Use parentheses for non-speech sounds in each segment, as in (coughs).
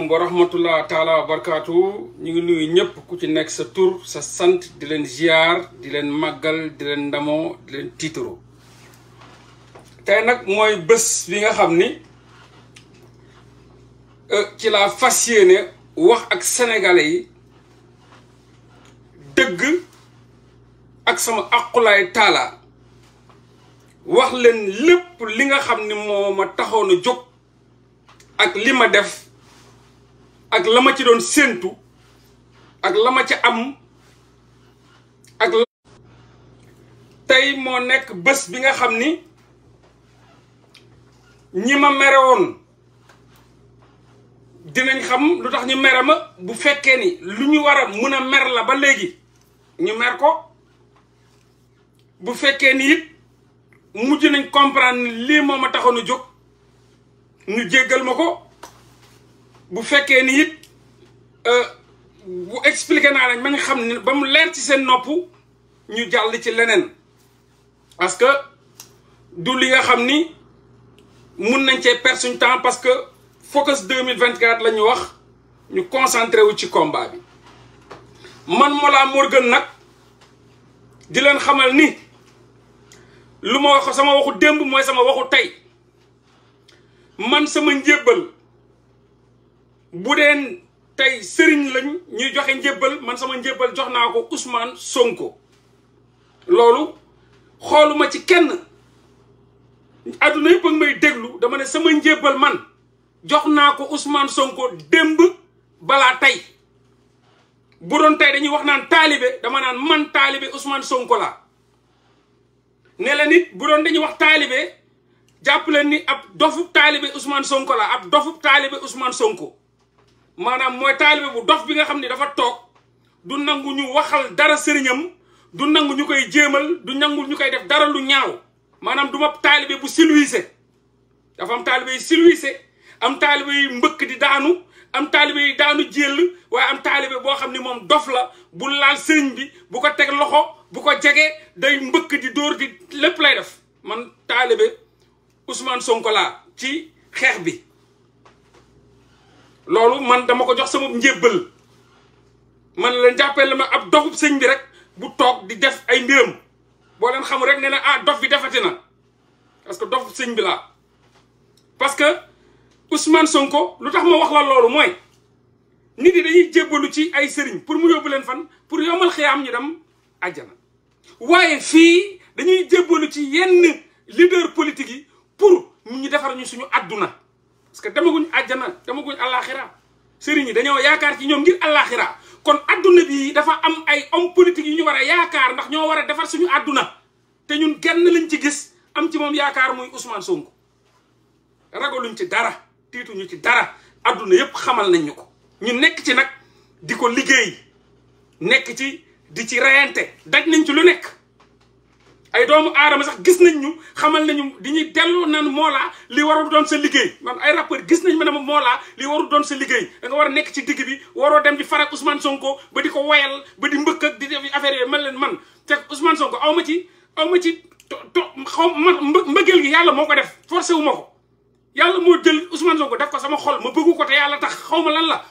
aleykum wa rahmatullah taala ñu ngi nuyu ñëpp ku ci nekk sa tur sa sant di leen ziar di leen màggal di leen ndamoo di leen tiitaro te nag mooy bés bi nga xam ni euh, ci laa fas yéene wax ak sénégalais yi dëgg ak sama àqulaay taala wax leen lépp li nga xam ni moo ma taxoon a jóg ak li ma def ak lama ci doon sentu ak lama ci am ak tay mo nek bés bi nga xamni ni ñi won dinañ xam lutax ñu mere ma bu fekkee ni lu ñu mer la ba légui ñu mer ko bu fekkee ni it mujj nañ comprendre li moma taxonu ñu jéggal mako bu fekkee ni it euh, bu expliqué naa lañ ba nga xam ne ba mu leer ci seen nopp ñu jàll ci leneen parce que du li nga xam ni mun nañ cee perdre suñu temps parce que focus 2024 la ñu wax ñu concentré wu ci komba bi man Mollah Morgun nag di leen xamal ni lu ma wax sama waxu démb mooy sama waxu tey man sama njébbal bu deen tey sëriñ lañ ñuy joxe njébbal man sama njébbal jox naa ko Ousmane Sonko loolu xooluma ci kenn adduna yëpp ak may déglu dama ne sama njébbal man jox naa ko Ousmane Sonko démb balaa tey bu doon tey dañuy wax naan taalibe dama naan man taalibe Ousmane Sonko laa ne la nit bu doon dañuy wax taalibe jàpp leen ni ab dofub taalibe Ousmane Sonko la ab dofub taalibe Ousmane Sonko maanaam mooy taalibe bu dof bi nga xam ni dafa toog du nangu ñu waxal dara sëriñam du nangu ñu koy jéemal du nangu ñu koy def dara lu ñaaw maanaam du ma taalibe bu silwiise dafa am taalibe yi silwiise am taalibe yi mbëkk di daanu am taalibe yi daanu jéll waaye am taalibe boo xam ni moom dof la bu laal sëriñ bi bu ko teg loxo bu ko jege day mbëkk di dóor di lépp lay def man taalibe Ousmane Sonko laa ci xeex bi loolu man dama ko jox sama njébbal man la jappel ma ab dofub sëñ bi rek bu tok di def ay mbiram bo len xamul rek neena ah dof bi defati na parce que dofub sëñ bi la parce que Ousmane Sonko lutax ma wax la loolu moy nit yi dañuy jébbalu ci ay sëriñ pour mu yobulen fan pour yomal xiyaam ñu dem aljana waye fi dañuy jébbalu ci yenn leader politique yi pour ñu defar ñu suñu aduna parce que demaguñ àjjana demaguñ àllaaxira sëriñ yi dañoo yaakaar ci ñoom ngir àllaaxira kon adduna bi dafa am ay homme politique yu ñu war a yaakaar ndax ñoo war a defar suñu adduna te ñun kenn lañ ci gis am ci moom yaakaar muy Ousmane Sonko ragaluñ ci dara tiituñu ci dara adduna yépp xamal nañ ñu ko ñu nekk ci nag di ko liggéey nekk ci di ci reyante daj nañ ci lu nekk ay doomu aadama sax gis nañ ñu xamal nañu di ñuy dellu naan Mollah li warul doon sa liggéey man ay rappeur gis nañ ma ne ma Mollah li warul doon sa liggéey da war a nekk ci digg bi waroo dem di farak Ousmane Sonko ba di ko woyal ba di mbëkk ak di def affaire yooyu man leen man te Ousmane Sonko aw ma ci aw ma ci to to xaw ma mbëggeel gi yàlla moo ko def forcé wu ma ko yàlla moo jël Ousmane Sonko def ko sama xol ma bëggu ko yàlla tax xaw ma lan la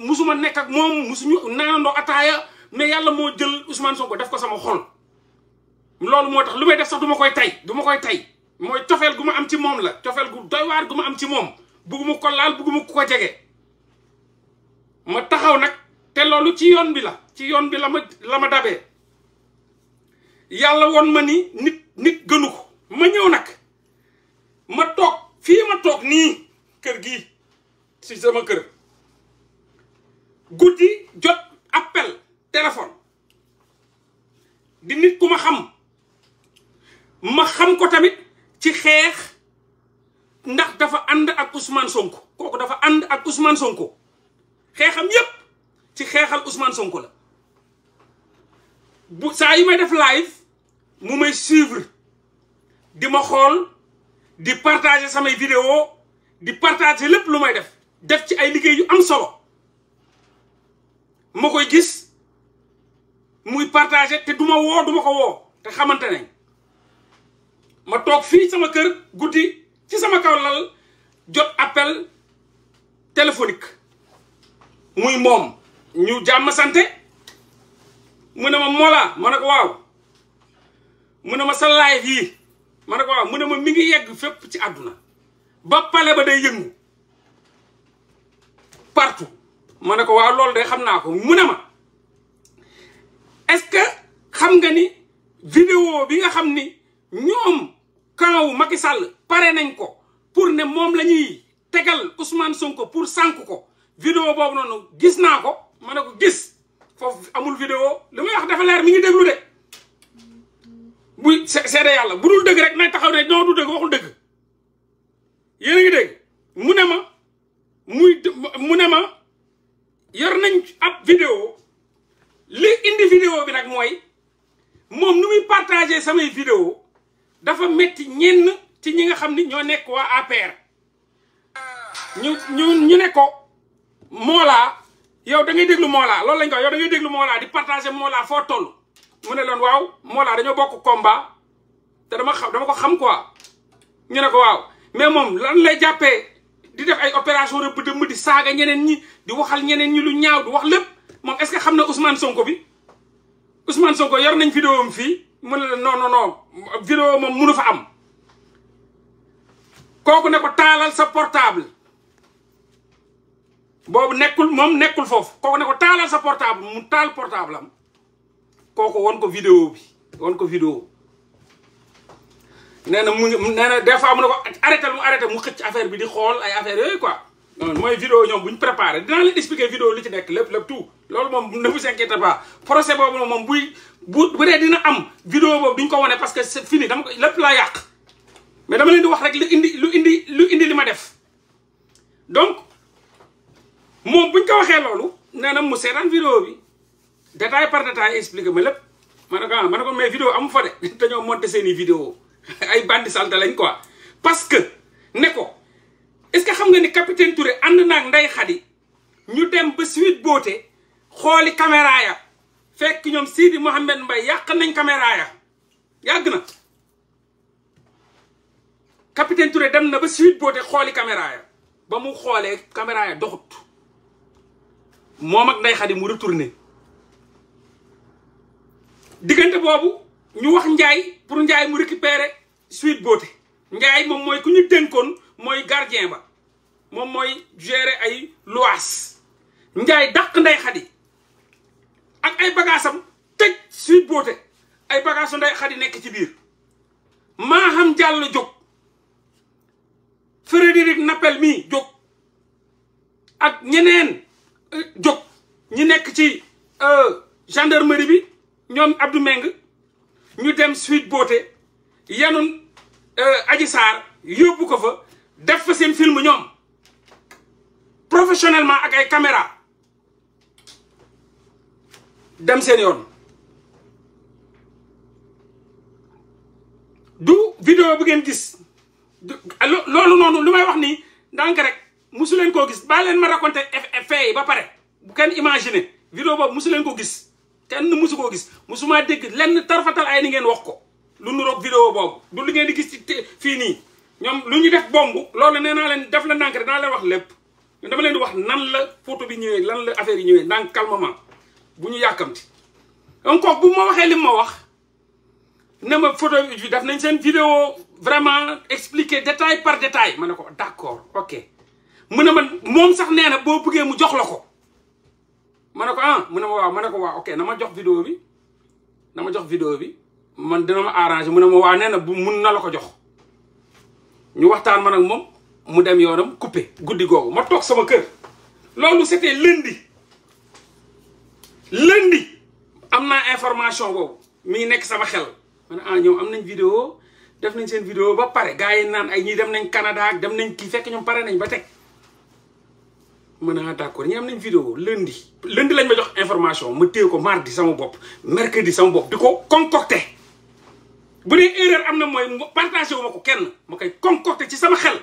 musuma nekk ak moom musuñu naanandoo ataaya mais yàlla moo jël Ousmane ko def ko sama xol loolu motax lumay def sax duma koy tay duma koy tay moy tiofel guma am ci mom la tiofel gu doy war guma am ci mom buguma ko laal buguma ko djegge ma taxaw nak te loolu ci yoon bi la ci yoon bi lama lama dabé yalla won ma ni nit nit gënu ko ma ñew nak ma tok fi ma tok ni kër gi ci sama kër goudi jot appel téléphone di nit ku xam ma xam ko tamit ci xeex ndax dafa ànd ak Ousmane Sonko kooku dafa ànd ak Ousmane Sonko xeexam yépp ci xeexal Ousmane Sonko la bu saa yi may def live mu may suivre di ma xool di partager samay vidéo di partager lépp lu may def def ci ay liggéey yu am solo ma koy gis muy partage te du ma woo du ko woo te xamante nañ ma toog fii sama kër guddi ci sama kaw lal jot appel téléphonique muy moom ñu jàmm sante mu ne ma mola ma ne ko waaw mu ne ma sa live yi ma ne ko waaw mu ne ma mi ngi yegg fépp ci àdduna ba pale ba day yëngu partout ma ne ko waaw loolu de xam naa ko mu ne ma est-ce que xam nga ni vidéo bi nga xam ni ñoom camp wu Macky Sall pare nañ ko pour ne moom la ñuy tegal Ousmane ko pour sànk ko vidéo boobu noonu gis naa ko ma ne ko gis foofu amul vidéo li may wax dafa leer mi ngi déglu de bu seede yàlla bu dul dëgg rek nay taxaw ne noo du dëgg waxul dëgg yéen ngi dégg mu ne ma muy mu ne ma yor nañ ab vidéo li indi vidéo bi nag mooy moom nu muy partagé samay vidéo dafa metti ñenn ci ñi nga xam ni ñoo nekk waa APR ñu ñu ñu ne ko Mollah yow da ngay déglu Mollah loolu lañ ko yow da ngay déglu Mollah di partager Mollah foo toll mu ne leen waaw Mollah dañoo bokk combat te dama dama ko xam quoi ñu ne ko waaw mais moom lan lay jàppee di def ay opération rëbb dëmm di saaga ñeneen ñi di waxal ñeneen ñi lu ñaaw di wax lépp moom est-ce que xam na Ousmane Sonko bi Ousmane Sonko yor nañ vidéo am fii mu ne la non non non vidéo moom mënu fa am kooku ne ko taalal sa portable boobu nekkul moom nekkul foofu kooku ne ko taalal sa portable mu taal portable am kooku won ko vidéo bi won ko vidéo nee na mu nee na des fois mu mu arrêté mu xëcc affaire bi di xool ay affaire yooyu quoi non mooy vidéo ñoom bu ñu préparé dinaa leen expliquer vidéo li ci nekk lépp lépp tout loolu moom ne vous inquiétez pas procès boobu moom buy bu bu dina am vidéo boobu duñ ko wane parce que c'est fini dama ko lépp laa mais dama leen di wax rek lu indi lu indi lu indi li ma def donc moom buñ ko waxee loolu nee na mu seetaan vidéo bi détail par détail expliqué ma lépp ma ne ah, mais vidéo amu fa de (laughs) dañoo monté seen vidéo (laughs) ay bandi salte lañ quoi parce que ne est que xam nga ni capitaine Touré ànd naag nday xadi ñu dem ba suite boote xooli caméra ya fekk ñoom Sidi Mohamed Mbaye yàq nañ caméra ya yàgg na capitaine Touré dem na ba suite boote xooli caméra ya ba mu xoolee caméra ya doxut moom ak nday xadi mu retourné diggante boobu ñu wax Ndiaye pour Ndiaye mu récupérer suite boote Ndiaye moom mooy ku ñu dénkoon mooy gardien ba moom mooy gérer ay luwaas njaay dàq nday xadi ak ay bagaasam tej suite boote ay bagaasu nday xadi nekk ci biir maa xam jàll jóg Frédéric Napel mii jóg ak ñeneen euh, jóg ñi nekk ci euh, gendarmerie bi ñoom Abdou Meng ñu dem suite boote yanun euh, aji Sarr yóbbu ko fa def fa seen film ñoom professionnellement ak ay caméra dem seen yoon du vidéo bu ngeen gis loolu noonu lu may wax nii ndànk rek musu leen koo gis ba leen ma raconté fait yi ba pare bu kenn imaginer vidéo boobu musu leen ko gis kenn musu koo gis musuma dégg lenn tarfatal ay ni ngeen wax ko lu nuroog vidéo boobu du li ngeen di gis fii nii ñoom lu ñu def bomb loolu nee naa leen def la ndànk rek naa leen wax lépp dama leen di wax nan la photo bi ñëwee lan la affaire yi ñëwee ndànk calmement bu ñu yàkkamti donc vous bu ma waxee li ma wax ne ma photo bi daf nañ seen vidéo vraiment expliquer détail par détail ma ne ko d'accord ok mu ne ma sax nee na boo mu jox la ko ko ah mu ma waaw ma ko waaw ok na ma jox vidéo bi na ma jox vidéo bi man dina ma arranger mu ma waaw nee bu mun na la jox ñu waxtaan man ak mu dem yoram coupé goudi gogou ma tok sama keur lolou c'était lundi lundi amna information gogou mi nek sama xel Mana ne ah video? am vidéo def nañ seen vidéo ba paré gaay naan ay ñi dem nañ Canada ak dem nañ ki fekk ñom paré nañ ba tek ah, d'accord ñi am vidéo lundi lundi lañ ma jox information ma téye ko mardi sama bop mercredi sama bop diko ko concocté bu né erreur amna moy partager wu mako kenn makay ci sama xel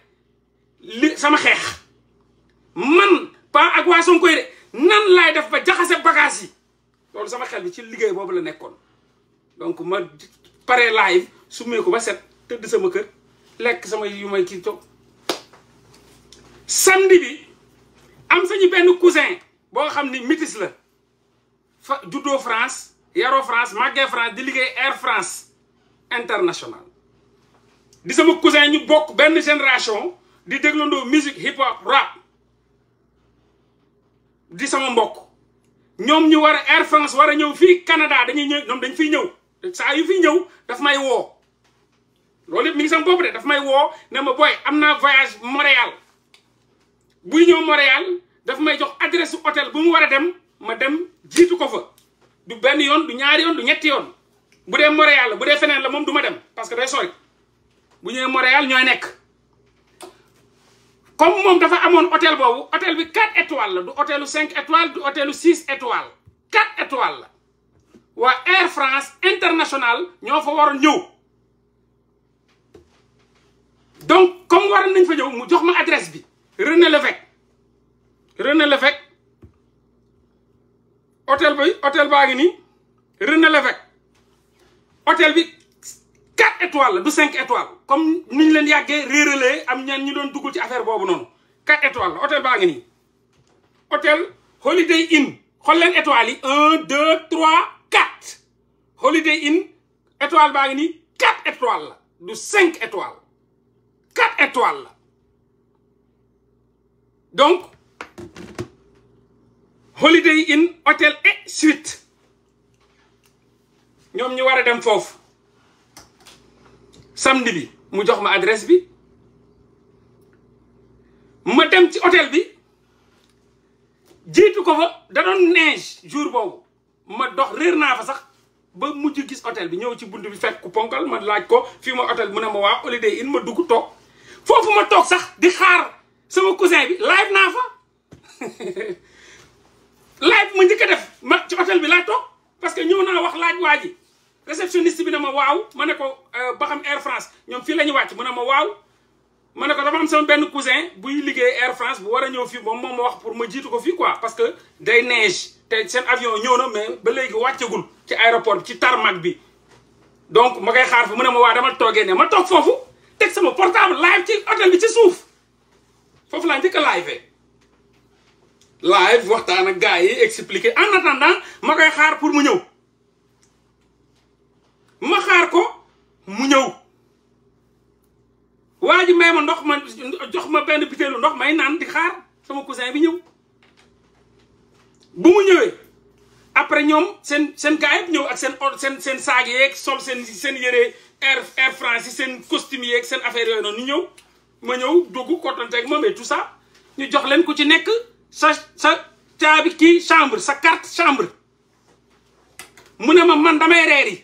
li sama xex man pa ak waa Sonko de nan lay def ba jaxase bagage yi lolou sama xel bi ci liggéey bobu la nekkoon donc ma pare live sumé ko ba set teud sama kër lek sama yu may kii toog samedi bi am sañu ben cousin bo xamni ni métis la judo France yaro France màggee France di liggéey Air France international di sama cousin ñu bokk ben génération di déglandoo musique hip hop rap di sama mbokk ñoom ñu war a Air France war a ñëw fii Canada dañuy ñëw ñoom dañ fiy ñëw saa yu fiy ñëw daf may woo loolu mi ngi sama bopp de daf may woo ne ma booy am naa voyage Montréal buy ñëw Montréal daf may jox adresse hôtel bu mu war a dem ma dem jiitu ko fa du benn yoon du ñaari yoon du ñetti yoon bu dee Montréal bu dee feneen la moom du ma dem parce que day sori bu ñëwee Montréal ñooy nekk. comme on dafa fait hôtel hôtel bi 4 étoiles du 5 étoiles du hôtel 6 étoiles 4 étoiles ou Air France international ño fa waroon donc comme vous nañ fa je mu jox ma adresse bi René Levet. René Lévesque hôtel bi hôtel René Levet. hôtel bi 4 étoiles, de 5 étoiles. Comme nous avons été relevés, nous avons été affaire pour nous. 4 étoiles, hôtel Bagini. Hôtel Holiday Inn. Holiday étoile 1, 2, 3, 4. Holiday Inn, étoile Bagini, 4 étoiles, de 5 étoiles. 4 étoiles. Donc, Holiday Inn, hôtel et suite. Nous avons été fofu. samedi bi mu jox ma adresse bi ma dem ci hôtel bi jiitu ko fa da doon neige jour boobu ma dox réer naa fa sax ba mu gis hôtel bi ñëw ci bunt bi fekk ku ponkal ma laaj ko fii ma hôtel mu ne ma waa Holiday Inn ma dugg toog foofu ma toog sax di xaar sama cousin bi live naa fa (laughs) live ma njëkk def ma ci hôtel bi laa toog parce que ñëw naa wax laaj waa ji réceptionniste bi na ma waaw ma ne ko euh, ba xam Air France ñoom fii la ñu wàcc mu ne ma waaw ma ne ko dama am sama benn cousin buy liggéey Air France bu war a ñëw fii moom moom ma wax pour ma jiitu ko fii quoi parce que day neige te seen avion ñëw na mais ba léegi wàccagul ci aéroport bi ci tarmac bi donc ma koy xaar fi mu ne ma waa dama toogee ne ma toog foofu teg sama portable live ci hôtel bi ci suuf foofu laa njëkk a live live waxtaan ak gars yi expliqué en attendant ma koy xaar pour mu ñëw ma xaar ko mu ñëw waa ji may ma ndox ma jox ma benn butéelu ndox may naan di xaar sama cousin bi ñëw bu mu ñëwee après ñoom seen seen gars ñëw ak seen seen seen saag yeeg sol seen seen yére air air France seen costume yeeg seen affaire yooyu noonu ñu ñëw ma ñëw dugg kontante ak moom et ñu jox leen ku ci nekk sa sa caabi ki chambre sa carte chambre mu ne ma man damay reer yi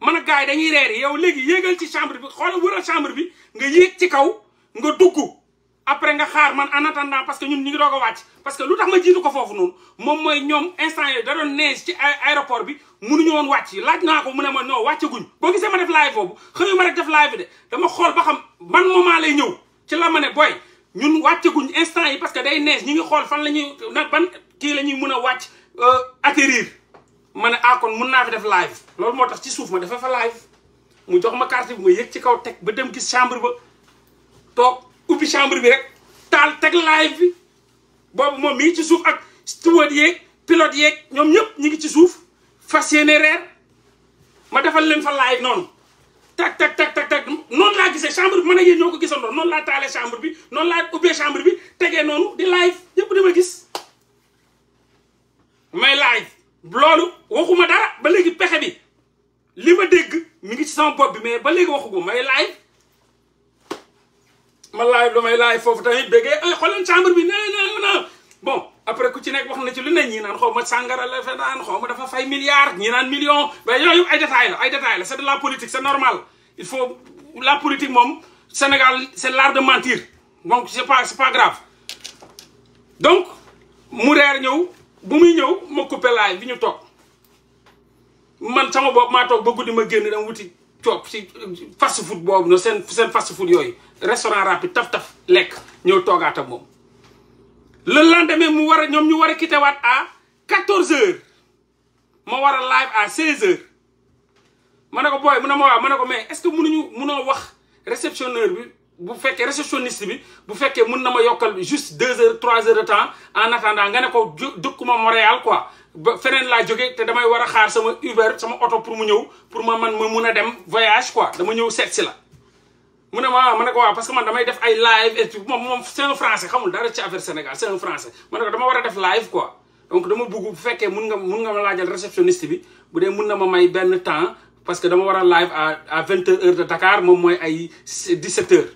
man a gaa yi dañuy reer yow léegi yéegal ci chambre bi xoolal wëral chambre bi nga yéeg ci kaw nga dugg après nga xaar man en attendant parce que ñun ñu ngi doog a wàcc parce que lu tax ma jiitu ko foofu noonu moom mooy ñoom instant yooyu da doon neige ci aéroport bi mënuñu woon wàcc laaj naa ko mu ne ma non wàccaguñ boo gisee ma def live boobu xëyuma ma def live de dama xool ba xam ban moment lay ñëw ci la ma ne booy ñun wàccaguñ instant yi parce que day neige ñu ngi xool fan la ñuy ban kii la ñuy mën a wàcc euh, atterrir ma ne ah kon mun naa fi def live loolu moo tax ci suuf ma dafa fa live mu jox ma carte bi ma yëg ci kaw teg ba dem gis chambre ba toog ubbi chambre bi rek taal teg live bi boobu moom mi ci suuf ak steward yeeg pilote yeeg ñoom ñëpp ñu ngi ci suuf fas yéene reer ma defal leen fa live noonu tak tak tak tak tak noonu laa gisee chambre bi man ak ñoo ko gisandoo noonu laa taalee chambre bi noonu laa ubbee chambre bi tegee noonu di live yëpp dama gis may live loolu waxuma dara ba léegi pexe bi li ma dégg mi ngi ci sama bopp bi mais ba léegi waxu ko may laay ma laay lu may laay foofu tamit béggee ay xooleen chambre bi na na bon après ku ci nekk wax na ci lu ne ñii naan xaw ma sàngara la fa naan xaw ma dafa fay milliard ñii naan million ba yooyu ay détails la ay détails la c'est de la politique c'est normal il faut la politique moom Sénégal c'est l'art de mentir donc c'est pas c'est pas grave donc mu reer ñëw bu muy ñëw ma coupé laay bi ñu toog man sama boobu maa toog ba guddi ma génn dama wuti coop si fast food boobu noonu seen seen fast food yooyu restaurant rapide taf-taf lekk ñëw toogaat ak moom le lendemain mu war a ñoom ñu war a quitté waat à quatorze heures ma war a live à seize heures ma ne ko booy mu ne ma waaw ma ne ko mais est-ce que mënuñu mënoo wax réceptionneur bi vous faites de réceptionniste, vous faites que les vous n'avez juste 2 h 3 heures de temps en attendant, vous avez un document à Montréal. Vous faites la joke, vous avez un Uber, vous Uber, un autre pour vous, pour vous, pour vous, pour un voyage. vous, pour vous, pour vous, pour un pour parce que vous, pour vous, live. C'est pour français. pour vous, pour vous, pour vous, pour vous, pour vous, pour vous, pour vous, donc, je veux que vous mon le réceptionniste, vous avez un temps, parce que je vais live à 20h de Dakar, je vais 17h.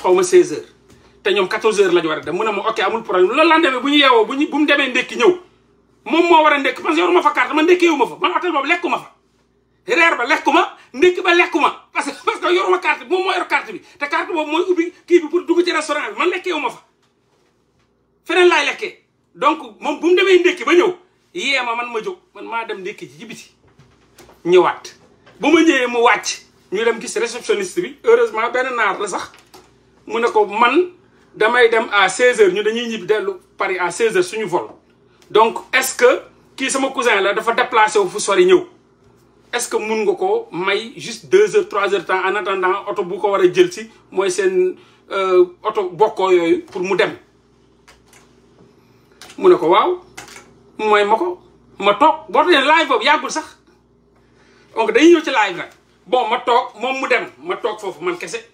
xaw ma 16 te ñoom 14h lañu war a dem mu ne a ok amul problème a laa demee bu ñu yeewoo bu ñu bu mu demee ndekki ñëw moom moo war a ndekki a que fa carte man ndekki ma fa man hôtel boobu lekkuma ba lekku ma ndekki ba lekku ma parce que parce que yoruma carte bi moom moo yor carte bi te carte boobu mooy ubbi kii bi pour dugg ci restaurant bi man lekkee ma fa. donc moom bu mu demee ndekki ba ñëw yee ma man ma jóg man maa dem ndekki ji jibiti ñëwaat bu ma ñëwee mu wàcc ñu dem gis réceptionniste bi heureusement benn naar la sax. mu ne ko man damay dem à 16h ñu dañuy ñibbi dellu Paris à 16h suñu vol donc est-ce que kii sama cousin la dafa déplacé wu fu sori ñëw est-ce que mun nga koo may juste 2 heures 3 heures temps en attendant oto bu ko war a jël si mooy seen euh, oto bokkoo yooyu pour mu dem. mu ne ko waaw mooy ma ko ma toog boo tee live boobu yàggul sax donc dañuy ñëw ci live na bon ma toog moom mu dem ma toog foofu man kese.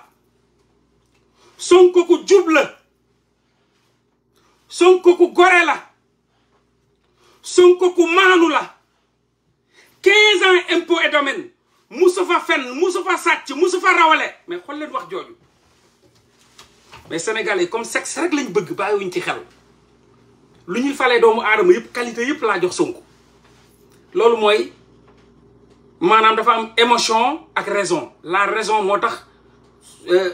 Sonko ku jub la Sonko ku gore son Sonko ku maanu 15 ans impôts et domaines moussa va faire musu fa sàcc rawale mais xool le wax jooju mais sénégalais comme sexe rek lañ bëgg bàyyiwuñ ci xel lu ñuy doomu qualité yëpp la jox Sonko loolu mooy Madame dafa am émotion ak raison la raison moo euh,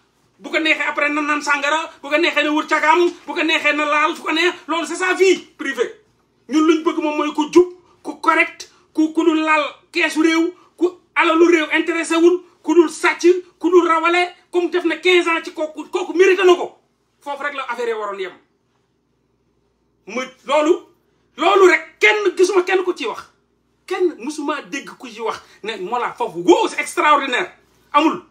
bu ko neexee après na naan sàngara bu ko neexee na wër cagaam bu ko neexee na laal fu ko neex loolu c'est sa vie privée ñun luñ bëgg moom mooy ku jub ku correct ku ku dul laal keesu réew ku alalu réew intéressé wul ku dul sàcc ku dul rawale comme def na 15 ans ci kooku kooku mérité na ko foofu rek la affaire waroon yem. mu loolu loolu rek kenn gisuma kenn ku ci wax kenn mësuma dégg ku ci wax ne moo la foofu wow extraordinaire amul.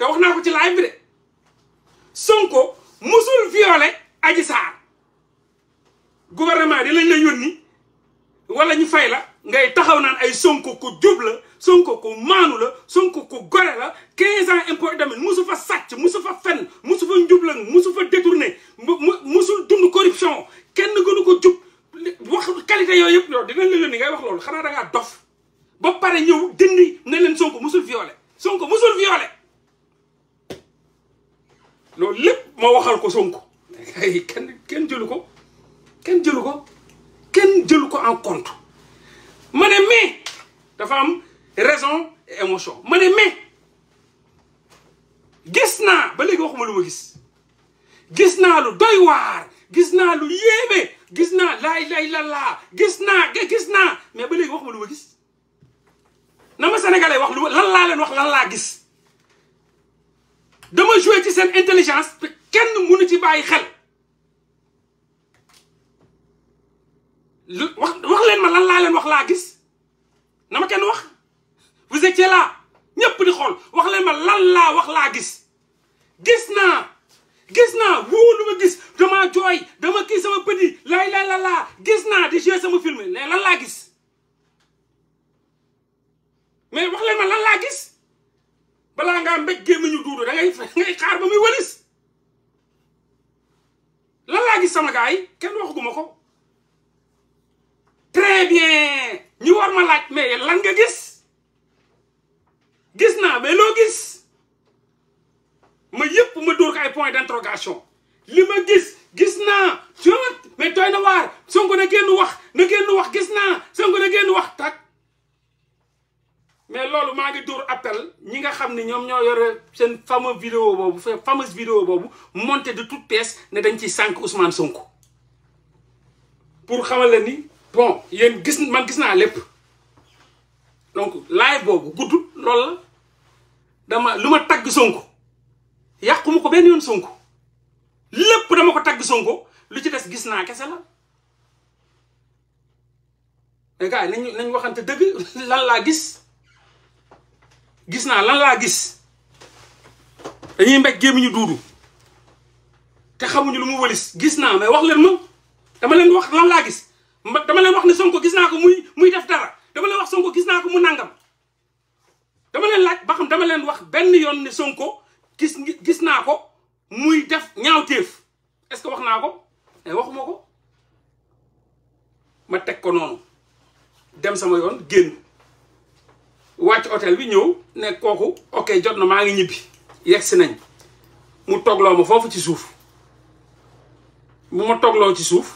te wax ko ci live bi de Sonko musul violé aji sar gouvernement di lañ la yónni wala ñu fay la ngay taxaw naan ay Sonko ko jub la Sonko ko maanu la Sonko ko gore la 15 ans impôt d'amine musu fa sàcc musu fa fen musu fa njublang musu fa détourné musul dund corruption kenn gënu ko jub wax qualité yooyu yëpp loolu dinañ la yónni ngay wax lolu xana da nga dof ba paré ñew dindi ne leen Sonko musul violé Sonko musul violé loolu lépp ma waxal ko Sonko kenn jëlu ko kenn jëlu ko kenn jëlu ko en compte ma ne mais dafa am raison et émotion ma ne gis naa ba léegi waxuma lu ma gis gis naa lu doy waar gis naa lu yéeme gis naa laay lay la laa gis naa gis naa mais ba léegi waxuma lu ma gis na ma sénégalais wax lu lan laa leen wax lan laa gis dama joué ci seen intelligence te kenn mënu ci bàyyi xel lu wax wax leen ma lan laa leen wax laa gis na ma kenn wax vous étiez là ñëpp di xool wax leen ma lan laa wax laa gis gis na gis naa wuu lu ma gis dama jooy dama kii sama petit lay lay la laa gis naa di joué sama film mais lan laa gis mais wax leen ma lan laa gis balaa ngaa mbéj gémmiñu duudu da ngay ngay xaar ba muy walis lan gis sama gars yi kenn waxaguma ko très bien ñu war ma laaj mais lan nga gis gis naa mais loo gis ma yëpp ma dóor ko point d'interrogation li ma gis gis naa jot mais doy na waar Sonko na génn wax na génn wax gis naa Sonko na génn wax tak mais loolu maa ngi dóor appel ñi nga xam ne ñoom ñoo yore seen fameux vidéo boobu seen fameuse boobu monté de toutes pièces ne dañ ci sànq Ousmane Sonko pour xamal la ni bon yéen gis man gis naa lépp donc live boobu gudd loolu la dama lu ma tagg Sonko yàqu ma ko benn yoon Sonko lépp dama ko tagg Sonko lu ci des gis naa kese la mais gars yi nañ nañ waxante dëgg (laughs) lan laa gis gis naa lan laa gis dañuy mbéj gémmiñu duudu te xamuñu lu mu wëlis gis naa mais wax leen ma dama leen wax lan laa gis mba dama leen wax ne Sonko gis naa ko muy muy def dara dama leen wax Sonko gis naa ko mu nangam dama leen laaj ba xam dama leen wax benn yoon ne Sonko gis gis naa ko muy def ñaawteef est-ce que wax naa ko mais waxuma ko ma teg ko noonu dem sama yoon génn wàcc hôtel bi ñëw ne kooku ok jot na maa ngi ñibbi yegg si nañ mu toogloo ma foofu ci suuf bu ma toogloo ci suuf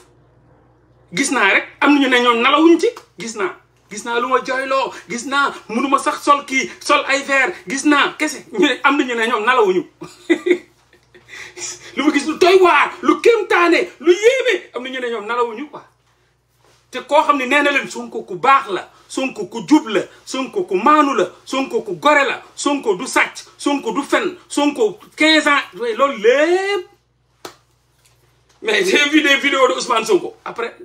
gis naa rek am nañu ne ñoom nalawuñ ci gis naa gis naa lu ma jooyloo gis naa mënuma sax sol kii sol ay verre gis naa kese ñu ne am nañu ne ñoom nalawuñu (laughs) lu ma gis lu doy waar lu kéemtaane lu yéeme am nañu ne ñoom nalawuñu ko te koo xam ne nee Sonko ku bax la Sonko ku djub la Sonko ku maanu la Sonko ku gore la Sonko du satch Sonko du fen Sonko 15 ans loolu lépp mais (laughs) j'ai vu des vidéos de Ousmane Sonko après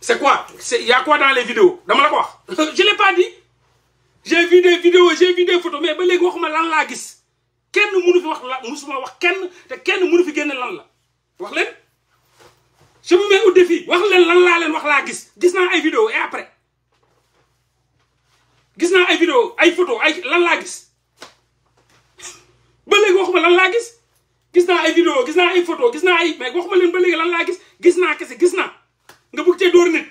c'est quoi c'est il y a quoi dans les vidéos dama la ko wax (laughs) je l'ai pas dit j'ai vu des vidéos j'ai vu des photos mais ba léegi waxuma lan la gis kenn mënu fi wax la musuma wax kenn te kenn mënu fi génne lan la wax len je me mets au wax leen lan laa leen wax laa gis gis naa ay vidéo et naa ay vidéo ay photo ay lan laa gis ba léegi waxuma lan laa gis gis naa ay vidéo gis naa ay photo gis naa ay mais waxuma leen ba léegi lan laa gis gis naa kese gis naa nga bëgg cee dóor nit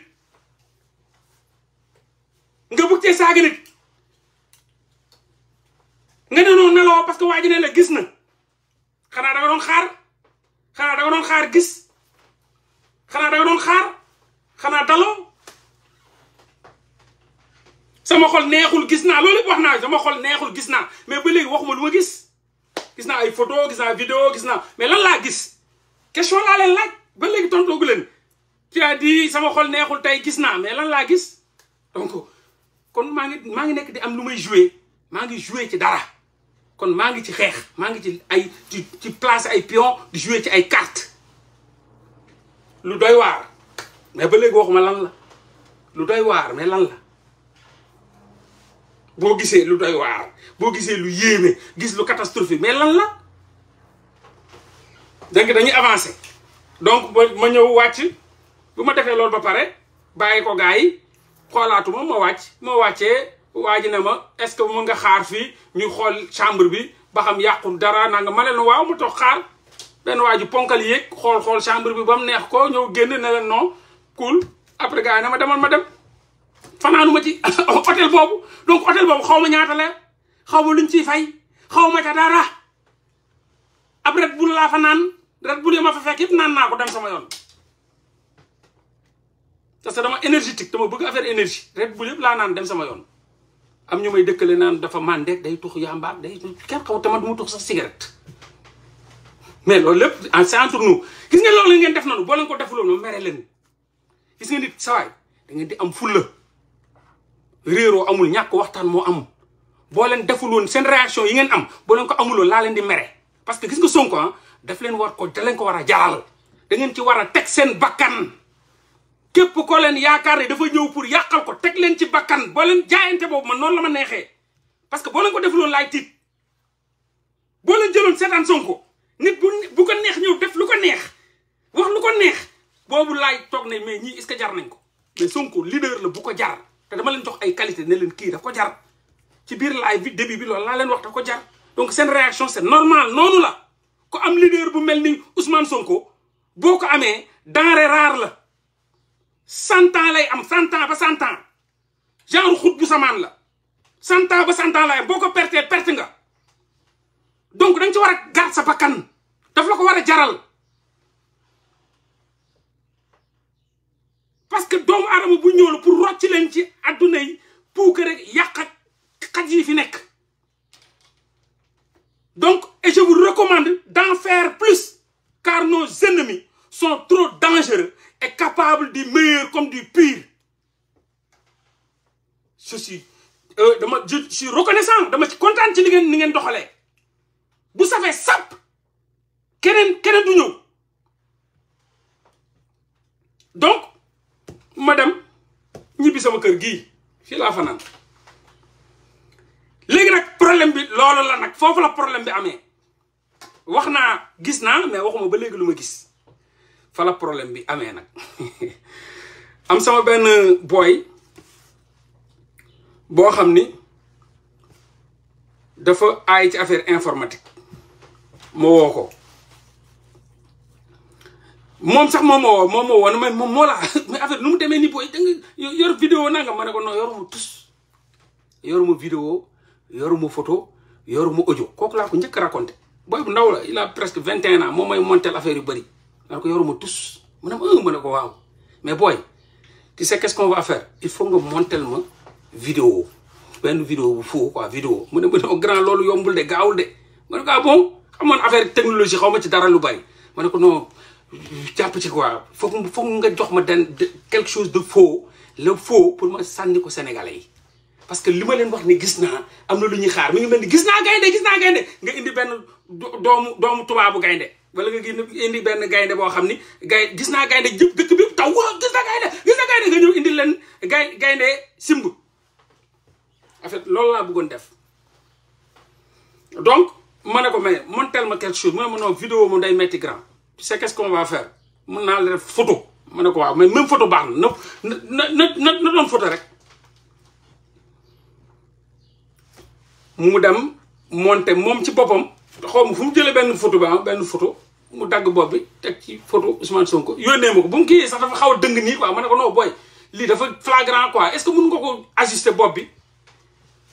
nga bëgg cee saaga nit nga ne noonu parce que waa ji ne la gis na xanaa da nga doon xaar xanaa da doon xaar gis xanaa da nga doon xaar xanaa daloo sama xol neexul gis naa loolu wax naa sama xol neexul gis naa mais ba léegi ma lu ma gis gis naa ay photo gis naa vidéo gis naa mais lan laa gis question laa ba léegi tontoogu leen tu sama xol neexul tey gis naa mais lan laa gis donc kon maa ngi maa ngi nekk di am lu may jouer maa ngi jouer ci dara kon maa ngi ci xeex maa ngi ci ay ci ci place ay pion di jouer ci ay carte lu doy waar mais ba léegi waxuma lan la lu doy waar mais lan la boo gisee lu doy waar boo gisee lu yéeme gis lu catastrophe mais lan la danga dañuy avancé donc ma ñëw wàcc bu ma defee loolu ba pare bàyyi ko gars yi xoolaatuma ma wàcc ma wàccee waa ji ne ma est-ce que mën nga xaar fii ñu xool chambre bi ba xam yàqul dara nanga ma leen waaw mu toog xaar benn waa ji ponkal yéeg xool xool chambre bi ba mu neex ko ñëw génn ne noo non cool après gars ne ma demoon ma dem fanaanu ma ci (laughs) hôtel boobu donc hôtel boobu xaw ma ñaata la xaw ma luñ ciy fay xaw ma ca dara ab ret bul laa fa naan ret bul ya ma fa fekk naan naa dem sama yoon parce que dama énergétique dama bëgg affaire énergie ret bul laa naan dem sama yoon am ñu may dëkkale naan dafa màndeek day tux yàmbaak day kenn xaw te man tux sax cigarette mais loolu lépp ah, c'est entre nous gis nga loolu ngeen def na boo leen ko defuloon moom mere leen gis nga nit sawaay da ngeen di am fulla réeroo amul ñàkk waxtaan moo am boo leen defuloon seen réaction yi ngeen am boo leen ko amuloon laa leen di mere parce que gis nga Sonko ah daf leen war ko da leen ko war a jaral da ci war a teg seen bakkan képp ko leen yaakaar ne dafa ñëw pour yàqal ko teg leen ci bakkan boo leen jaayante boobu man noonu la ma neexee parce que boo leen ko defuloon laay tiit boo leen jëloon seetaan Sonko nit bu bu ko neex ñëw def lu ko neex wax lu ko neex boobu laay toog ne mais ñii est-ce que jar nañ ko mais Sonko leader la bu ko jar te dama leen jox ay qualité ne leen kii daf ko jar ci biir laay bi début bi loolu laa leen wax daf ko jar donc seen réaction c'est normal noonu la ko am leader bu mel ni Ousmane Sonko boo ko amee denrée rare la cent ans lay am cent ans ba cent ans genre xut bu samaan la cent ans ba cent lay am boo ko pertee perte nga donc da nga ci war a garde sa daf la ko war a jaral parce que doomu hommes bu ñëw la pour rocc leen ci adduna yi pour que rek yàq xaj yi fi nekk donc et je vous recommande d'en faire plus car nos ennemis sont trop dangereux et capables du meilleur comme du pire je suis euh, dama je suis reconnaissant dama ci kontaan ci li ngeen ni ngeen doxalee bu sap keneen keneen du ñëw donc ma dem ñibbi sama kër gii fii laa fanaan léegi nag problème bi loolu la nag foofu la problème bi amee wax naa gis naa mais waxuma ba léegi lu ma gis fa la problème bi amee nag (laughs) am sama benn booy boo xam ni dafa aay ci affaire informatique ma woo ko moom sax moom moo moom moo woon mais moom moo la (laughs) mais affaire nu mu demee nii booy da nga yor vidéo nanga ma ne ko non yoruma tus yoruma vidéo yoruma photo yoruma njëkk raconté booy bu ndaw la a presque vingt et un moom mooy montel affaire yu bëri ma ne ko yoruma tus ma euh, ko waaw mais booy tu sais qu'est-ce qu'on va faire il faut nga montel ma vidéo benn vidéo bu fou quoi vidéo mu ne ma ne grand loolu yombul de gaawul de ma ne ko ah bon affaire technologie xaw ma ci dara lu bëri ma ne ko jàpp ci quoi foog foog nga jox ma den quelque chose de faux le faux pour ma sànni ko Sénégalais yi. parce que li ma leen wax ne gis naa am na lu ñuy xaar mi ngi mel ni gis naa gaynde gis naa gaynde nga indi benn doomu doomu tubaabu gaynde wala nga indi benn gaynde boo xam ni gay gis naa gaynde jëpp dëkk bi taw waaw gis naa gaynde gis naa gaynde nga ñëw indi leen gay gaynde simb en fait loolu laa bëggoon def donc ma ne ko mais montel ma quelque chose mu ne ma non vidéo moom day metti grand tu sais quest va faire mën naa la def photo ma ne ko waaw mais même photo baax na na na na doon photo rek mu dem monter moom ci boppam xaw ma fu mu jëlee benn photo ba benn photo mu dagg bopp bi teg ci photo Ousmane Sonko yónnee ma ko bu mu kii sax dafa xaw a dëng nii quoi ma ne ko non booy lii dafa flagrant quoi est-ce nga ko ajuster bopp bi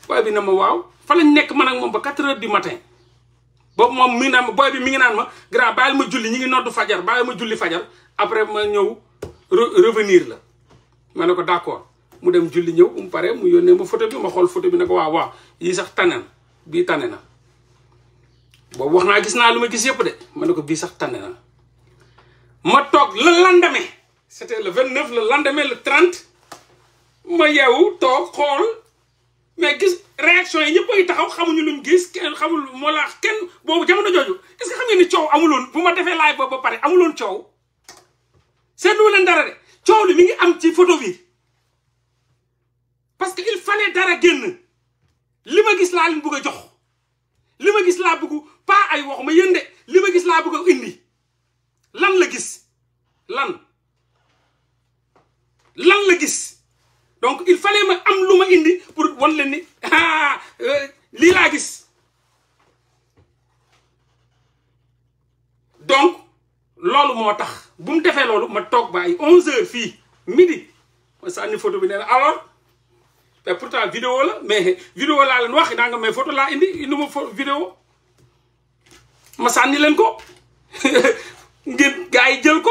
waaye bi na ma waaw fan lañ nekk man ak moom ba quatre heures du matin. boobu moom mi ngi naan booy bi mi ngi naan ma grand bàyyil ma julli ñi ngi noddu fajar bàyyil ma julli fajar après ma ñëw revenir la ma ne ko d'accord mu dem julli ñëw mu pare mu yónnee ma photo bi ma xool photo bi ne ko waaw waaw yii sax tane bii tane na boobu wax naa gis naa lu ma gis yëpp de ma ne ko bii sax tane na ma toog le lendemain c'était le vingt neuf le lendemain le trente ma yeewu toog xool mais gis réaction yi ñëpp ay taxaw xamuñu luñ gis kenn xamul moo laax kenn boobu jamono jooju est ce que xam ngeen ni coow amuloon bu ma defee laay boobu ba pare amuloon coow seetlu leen dara de li mi ngi am ci photo parce que il fallait dara génn li ma gis laa leen bëgg a jox li ma gis laa bëgg pas ay wax ma yéen de li ma gis laa bëgg a indi lan la gis lan lan la gis donc il fallait ma am lu ma indi pour won leen ni ah, euh, lii laa gis donc loolu moo tax bu mu defee loolu ma toog ba ay 11h fii midi ma sànni photo bi nee na alors te pourtant vidéo la mais vidéo laa leen wax naa mais photo laa indi indi ma photo vidéo ma sànni leen ko (laughs) ngir gars yi jël ko.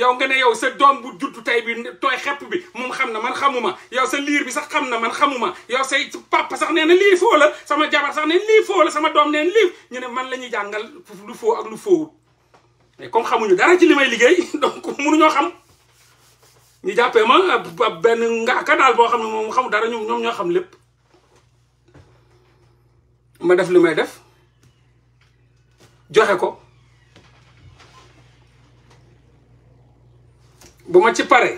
yow nga ne yow sa doom bu juddu tey bi tooy xepp bi moom xam na man xamuma yow sa liir bi sax xam na man xamuma yow say papa sax nee na lii foo sama jabar sax nee lii foo la sama doom nee lii ñu ne man la ñuy jàngal lu foo ak lu foowut comme xamuñu dara ci li may liggéey (laughs) donc mënuñoo xam ñu jàppee ma benn ngaaka daal boo xam ne moom xamu dara ñoom ñoo xam lépp ma def li may def joxe ko bu ma ci paré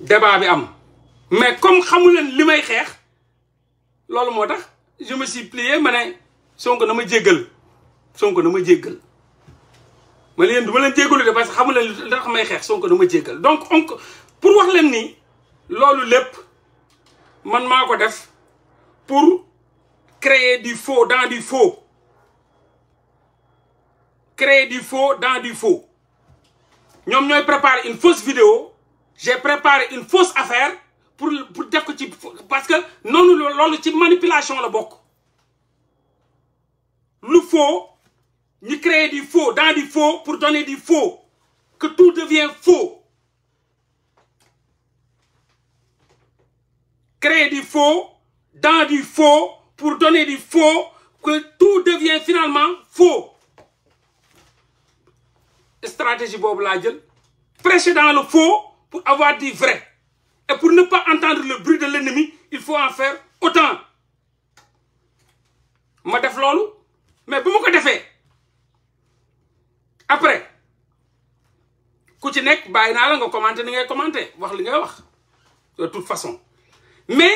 débat bi am mais comme xamu limay li may motax je me suis plié mané Sonko na ma jéggal Sonko na ma jéggal ma leen du ma leen dé de parce que xamu leen li may xeex Sonko na ma jéggal donc on pour wax leen ni loolu lépp man mako def pour créer du faux dans du faux créer du faux dans du faux nous avons préparé une fausse vidéo j'ai préparé une fausse affaire pour pour parce que nous avons ci manipulation la boc. Nous faux nous créer du faux dans du faux pour donner du faux que tout devient faux créer du faux dans du faux pour donner du faux que tout devient finalement faux stratégie Bob laa jël prêcher dans le faux pour avoir dit vrai et pour ne pas entendre le bruit de l'ennemi il faut en faire autant ma fait mais pour vous ko fait. après ku ci fait bàyyi vous la nga commenter ni commenter de toute façon mais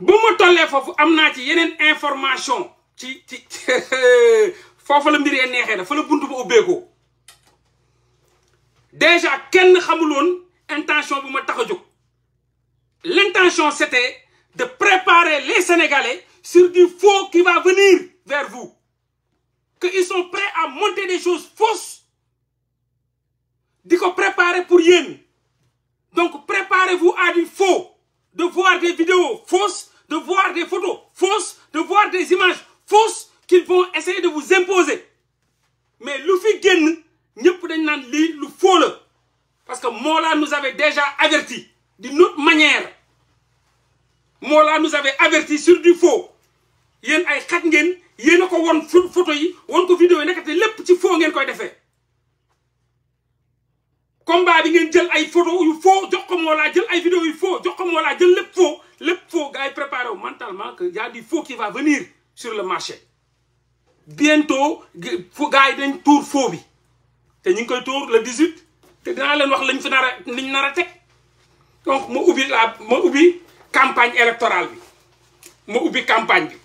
si ma tollee foofu ci information (laughs) la déjà intention l'intention c'était de préparer les Sénégalais sur du faux qui va venir vers vous Qu'ils sont prêts à monter des choses fausses D'y préparer pour rien. donc préparez-vous à du faux de voir des vidéos fausses de voir des photos fausses de voir des images fausses qu'ils vont essayer de vous imposer mais lu fi nous ñëpp dañ le lii lu faux parce que Mola nous avait déjà averti d'une autre manière Mola nous avait averti sur du faux Il ay a ngeen yéen a ko won photo yi won ko vidéo une nekkate lépp ci faux ngeen koy defee combat bi a jël ay photo yu faux jox ko Mollah jël ay vidéo yu faux jox ko Mola, jël des faux les faux gars préparez préparé mentalement que y a du faux qui va venir sur le marché bientôt fu gars yi dañ tuur foo bi te ñu ngi koy tuur le 18 te dinaa leen wax lañ fi nar a liñ nar a teg donc ma ubbi ab ma ubbi campagne électorale bi ma ubbi campagne bi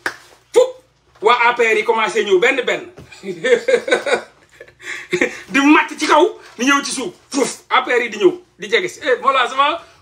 fop waa APR yi commencé ñëw benn benn (laughs) di matt ci kaw di ñëw ci suuf foof APR yi di ñëw di jege si eh, voilà sama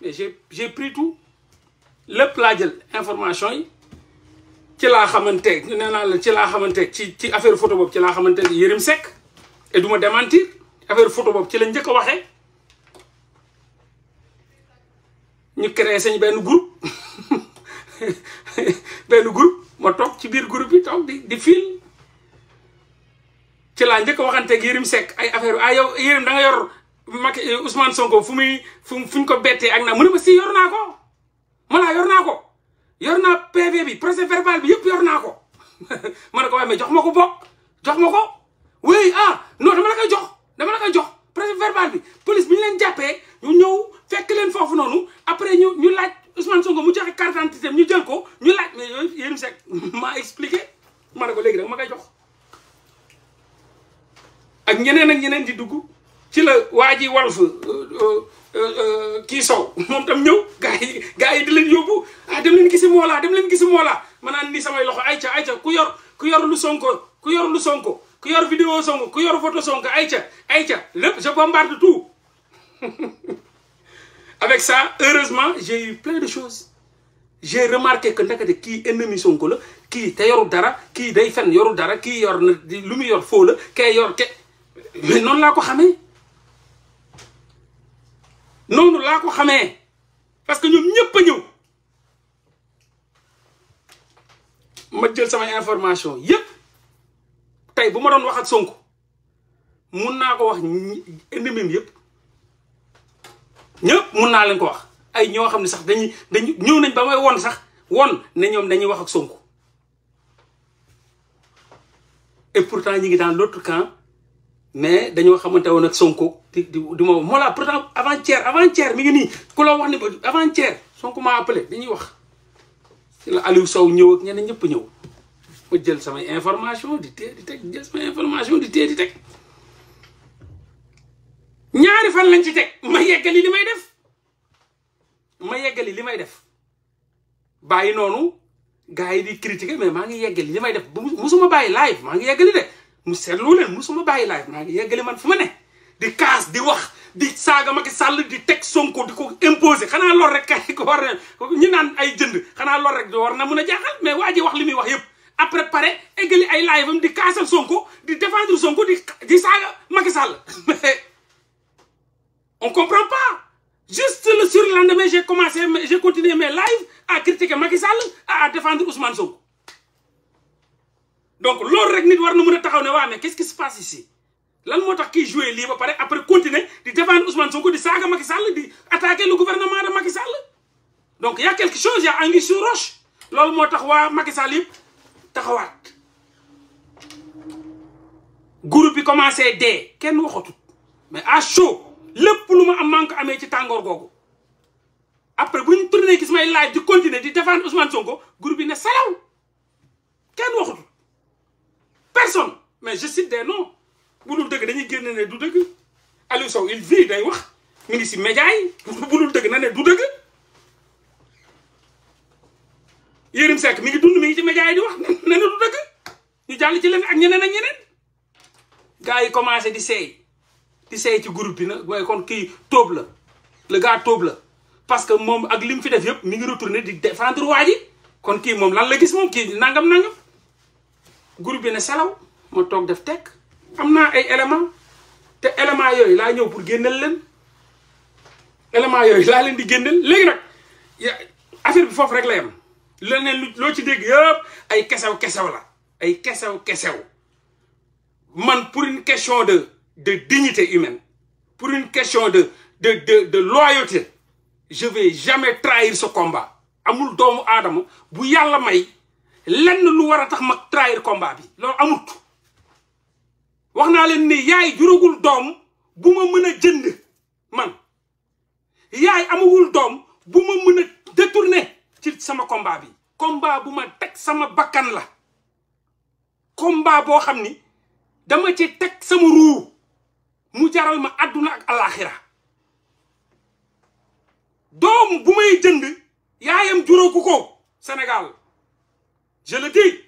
mais j'ai pris tout Le pla information ci la xamanté ñu ci la xamanté ci affaire photo de ci sec xamanté Yérim sec et duma démentir affaire photo suis ci la ñëk waxé ñu créé groupe Un (laughs) groupe ma tok ci biir groupe bi tok di di fil ci la ñëk waxanté Yérim Seck ay affaire ay ah Yérim da nga Macky eh, Ousmane Sonko fu muy fu ñu ko bettee ak na mu ne ma si yor naa ko ma laa yor naa ko yor naa PV bi procès verbal bi yëpp yor naa ko (laughs) ma ne ko waaye mais jox ma ko bokk jox ma ko oui ah non dama la koy jox dama la koy jox procès verbal bi police bi ñu leen jàppee ñu ñëw fekk leen foofu noonu après ñu ñu laaj Ousmane Sonko mu joxe carte d'identité ñu jël ko ñu laaj mais yooyu yéen sec (laughs) maa expliqué ma ne léegi danga ma koy jox ak ñeneen ak ñeneen di dugg ci la Waji ji walf euh, euh, euh, kii sow mom tam ñëw gaay gaay yi di leen yobbu ah dem leen gisi moolaa dem leen gisi moolaa manan ni samay loxo ay ayca ku yor ku yor lu sonko ku yor lu sonko ku yor vidéo sonko ku yor photo sonko ay ayca lepp je bombarde tout (laughs) avec ça heureusement j'ai eu plein de choses j'ai remarqué que ndekete qui ennemi sonko la kii te yorul dara qui day fen yorul dara qui yor lu mi yor foo la kee yor ke mais non laa ko xamé noonu laa ko xamee parce que ñoom ñëpp a ñëw ma jël samay information yépp tey bu ma doon wax ak Sonko mun naa ko wax ennemis yépp ñëpp mun naa leen ko wax ay ñoo xam ne sax dañuy dañu ñëw nañ ba may won sax won ne ñoom dañuy wax ak Sonko et pourtant ñi ngi dans l'autre camp mais dañoo xamante woon ak Sonko di di di ma voilà pourtant avant-hier avant-hier mi ngi nii ku la wax ni avant-hier Sonko maa appelé dañuy wax ci la Aliou Sow ñëw ak ñeneen ñëpp ñëw ma jël samay information di téye di teg jël information di téye di teg ñaari fan lañ ci teg ma yeggali li def ma yeggali li def bàyyi noonu gars di critiquer mais maa ngi yeggali def musuma bàyyi live maa ngi yeggali mu seetlu leen musuma baye live maa ngi man fuma ne di kaas di wax di saga maki sal di tek Sonko di ko imposer xana lor rek kay ko war ñi nan ay jënd xana lor rek war na mëna jaxal mais waji wax limi wax yëpp après paré eggali ay live am di kaasal Sonko di défendre Sonko di di saga maki sal (laughs) on comprend pas juste le surlendemain j'ai commencé j'ai continué mes lives à critiquer Macky Sall à défendre Ousmane Sonko donc loolu rek nit war na mën taxaw ne waa mais qu'est-ce qui se passe ici lan moo tax kii joué lii après continuer di défendre Ousmane Sonko di saaga Macky Sall di attaquer le gouvernement de Macky Sall donc il y a quelque chose il y a anguille sur roche loolu moo tax Macky Sall yëpp taxawaat groupe bi commencé dee kenn waxatut mais à chaud lépp lu ma am maa ngi ko ci tàngoor googu après bu ñu tourné gis may laaj di continuer di défendre Ousmane Sonko groupe bi ne salaw kenn waxatut personne mais je cite des noms bu dul dëgg dañuy génn ne du dëgg Aliou Sow il vit day wax mi ngi si média yi (laughs) bu dul dëgg na du dëgg Yérim Seck mi ngi dund mi ngi ci média yi di wax (laughs) ne du dëgg ñu jàll ci leen ak ñeneen ak ñeneen gars yi commencé di seey di seey ci groupe bi nag mooy kon kii tóob la le gars la parce que moom ak li mu fi def yëpp mi ngi ne di défendre waa ji kon kii moom lan la gis moom kii nangam nangam groupe bi ne salaw mo tok def tek amna ay éléments te éléments yoy la ñëw pour génneel leen éléments yoy la leen di génneel léegi nak affaire bi fofu rek la yem leneen lo ci dégg yëpp ay kessaw kessaw la ay kessaw kessaw man pour une question de de dignité humaine pour une question de de de de loyauté je vais jamais trahir ce combat amul doomu aadama bu yalla may lenn lu war a tax ma trahir combat bi loolu amut wax naa leen ne yaay juragul doom bu ma mën a jënd man yaay amagul doom bu ma mën a détourner ci sama combat bi combat bu ma teg sama bakkan la komba boo xam ni dama ci teg sama ruu mu jaral ma àdduna ak alaxira doom bu may jënd yaayam juragu ko Sénégal Je le dis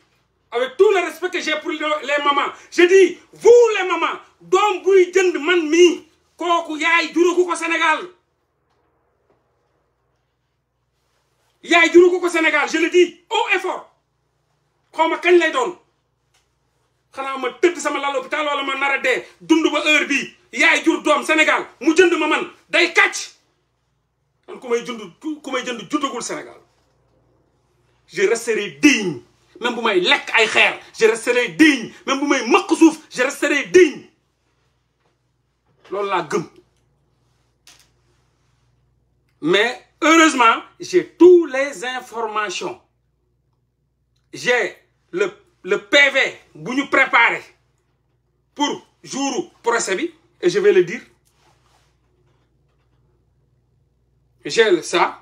avec tout le respect que j'ai pour les mamans. Je dis, vous les mamans, donc pour que man mi, kooku yaay jurugu au Sénégal. yaay pas au Sénégal je le dis haut et fort ma kañ lay doon me ma tëdd sama à l'hôpital, wala ma nar a dee ba heure bi, yaay jur au Sénégal mu vous ma man day Sénégal je resterai digne même si je ay je resterai digne même bu je resterai digne lol la mais heureusement j'ai toutes les informations j'ai le le PV nous nous préparé pour jour procès bi et je vais le dire j'ai ça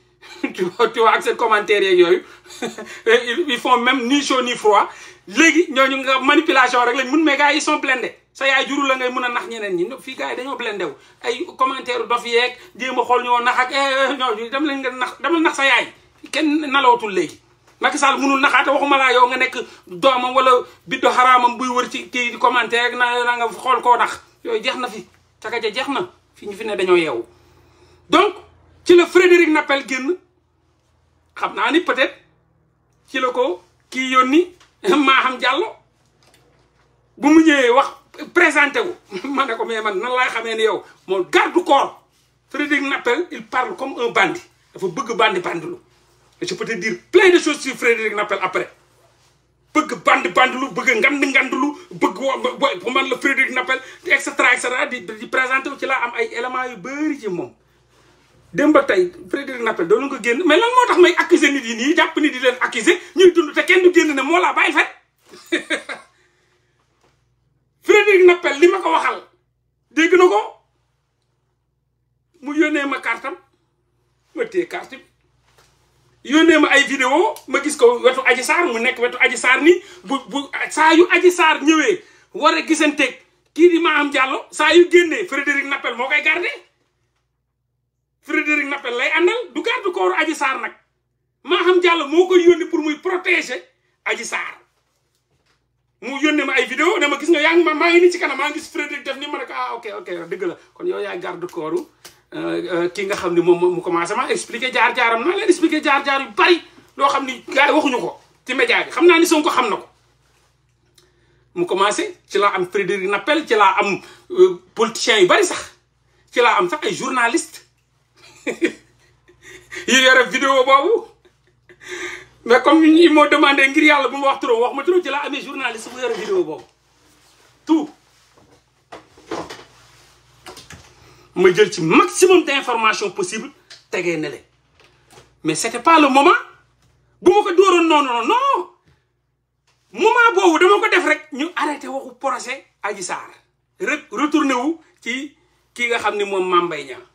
(laughs) tu vois tu vois seen commentaire yeeg yooyu (laughs) il font même ni chaud ni froid léegi ñooñu nga manipulation rek lañ mun mais gars yi ils sont sa yaay juru la ngay mun a nax ñeneen ñi fii gars yi dañoo blindé wu ay commentaire dof yeeg jéem a xool ñoo nax ak eh, eh, ñooñu dem leen nax dem la nax sa yaay kenn nalawatul léegi Macky Sall munul naxaate waxuma laa yow nga nekk doomam wala biddo xaraamam buy wër ci kii commentaire rek na nga xool koo nax yooyu jeex na fi caka ja jeex na fi ñu fi ne dañoo yeewu ci le Frédéric Nappel génn xamna ni peut-être ci le ko yoni ma (laughs) Maham Diallo bu mu ñewé wax présenté wu (laughs) mané ko mais man nan laay xamé ni yow mo garde corps Frédéric Nappel il parle comme un bandit dafa bëgg bandi bandulu et je peux te dire plein de choses sur Frédéric Nappel après bëgg bandi bandulu bëgg ngand ngandulu bëgg wa man le Frédéric napel et cetera di di présenté wu ci la am ay éléments yu bëri ci mom démb ba tey Frédéric Nappel doo leen nga génn mais lan moo tax may accuser nit yi nii jàpp nit yi leen accuser ñuy dund te kenn du génn ne moo laa bàyyi fen (laughs) Frédéric Nappel li ma ko waxal dégg na ko mu yónnee ma kartam ma téye yónnee ma ay vidéo ma gis ko wetu Adji Sarr mu nekk wetu Adji Sarr nii bu bu saa yu aji saar ñëwee war a gisanteeg kii di maa am Diallo saa yu génnee Frédéric Nappel moo koy garder Frédéric Nappel lay dukar du garde corps Adji sar nak Maham xam jall moko yoni pour muy protéger Adji sar mu yoni ma ay vidéo dama gis nga yaa ma ngi ni ci kanam ma ngi gis Frédéric def ni ma ko ah ok ok deug la kon yow yaay garde corps euh, euh, ki nga xamni mom mu commencé ma expliquer jaar-jaaram na len expliquer jaar-jaar yu bari lo xamni gaay ci média bi xamna ni son ko xamna ko mu commencé ci la am Frédéric Nappel ci la am euh, politiciens yu bari sax ci la am sax ay journaliste a yore vidéo boobu mais comme ñi m'a demandé ngir yàlla bu ma wax trop wax ma turam ci laa amee journaliste bu yore vidéo boobu tout ma jël ci maximum d' information possible tegee ne mais c' était pas le moment bu ma ko dóoroon non non non moment boobu dama ko def rek ñu arrêté waxu procès Adji Sarr rek retourné wu ci ki nga xam ne moom Mame Niang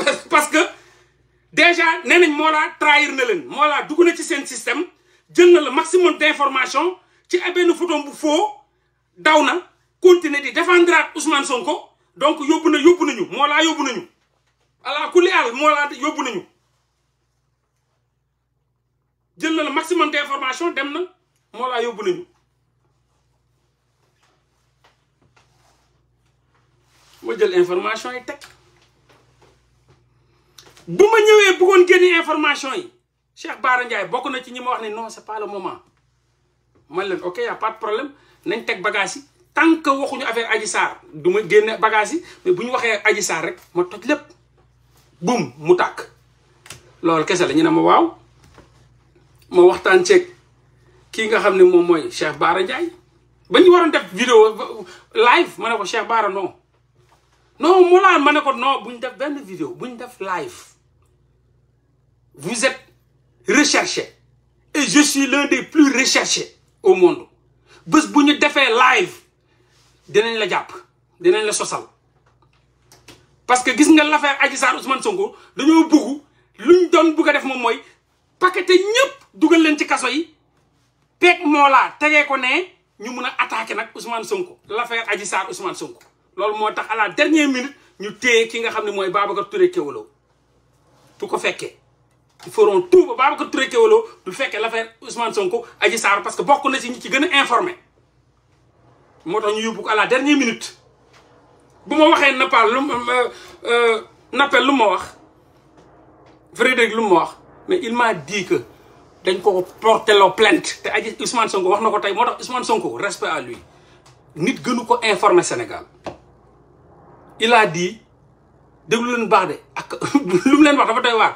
(coughs) parce que déjà nee nañ Mollah trahir na leen Mollah dugg na ci seen système jël na le maximum d' information ci benn photo bu foo daw na continuer di défendre ak Ousmane Sonko donc yóbbu na yóbbu nañu Mollah yóbbu nañu ala kulli àll Mollah yóbbu nañu jël na le maximum d' information dem na Mollah yóbbu nañu. ma jël information yi teg. bu ma ñëwee bëggoon génne information yi Cheikh Bara Ndiaye bokk na ci ñi ma wax ne non c'est pas le moment man leen ok y pas de problème nañ teg bagage yi tant que waxuñu affaire Adji Sarr du ma génne bagage yi mais bu ñu waxee Adji Sarr rek ma toj lépp bum mu takk loolu kese la ne ma waaw ma waxtaan ceeg kii nga xam ne moom mooy Cheikh Bara Ndiaye ba ñu waroon def vidéo live ma ne ko Cheikh Bara non non mu laan ma ne ko non buñ def benn vidéo bu ñu def live vous êtes recherché et je suis l'un des plus recherchés au monde vous vous fait live vous la un la parce que gis nga l'affaire Adji Ousmane Sonko nous a def faire, mooy paqueté de dugal leen ci kaso yi peeg attaqué Ousmane Sonko l'affaire Adji Ousmane Sonko loolu moo à la dernière minute ñu ils feront tout pour que tu Touré Kewelo du fekkee l'affaire Ousmane Sonko Adji Sarr parce que beaucoup na ci ñi ci informés. Moi, informé moo ñu ko à la dernière minute bu ma waxee Napal lu euh, euh, Napel lu ma wax Frédéric lu wax mais il m'a dit que dañ ko porter leur plainte Et Adji Ousmane Sonko wax na ko tey Ousmane Sonko respect à lui nit gënu ko informer Sénégal il a dit déglu leen baax de ak (laughs) lu mu leen wax dafa quoi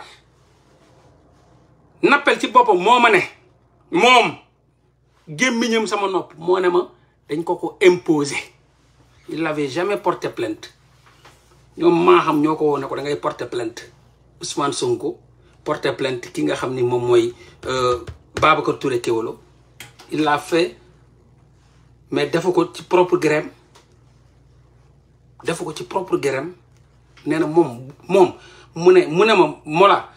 nappel ci pas sama dañ il n'avait jamais porté plainte ñom ma xam porté plainte Ousmane Sonko porté plainte ki nga ni euh, Babacar Touré il l'a fait mais il ko ci propre grèm ci propre grèm néna na mom mune mune ma mola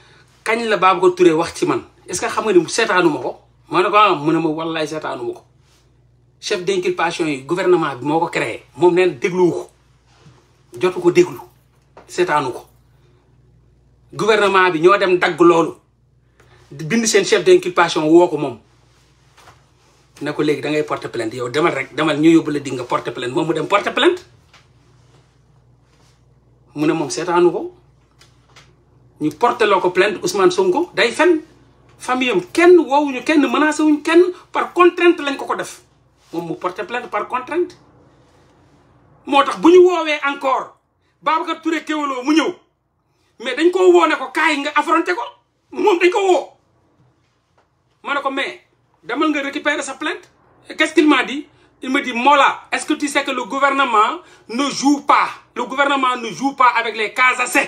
kañ la baa Babacar Touré wax ci man est-ce que xam nga ni seetaanu ma ko ma ne ah, mu ne ma wallaay seetaanu ma ko chef d'inculpation yi gouvernement bi moo ko créé moom neen dégluwu jotu ko déglu seetaanu ko gouvernement bi ñoo dem dagg loolu bind seen chef d'inculpation woo ko moom ne ko léegi da ngay porter plainte yow demal rek demal ñu yóbbu la di nga porter plainte moom mu dem porter plainte mu ne moom seetaanu ko Nous portons la plainte Ousmane Songo, day famille am kenn kenn par contrainte lañ ko ko def mom plainte par contrainte motax buñu pas encore Babacar Touré kéwolo mu mais dañ ko wo ne ko kay nga affronter ko mom dañ ko wo mais nga récupérer sa plainte qu'est-ce qu'il m'a dit il me dit mola. est-ce que tu sais que le gouvernement ne joue pas le gouvernement ne joue pas avec les assez.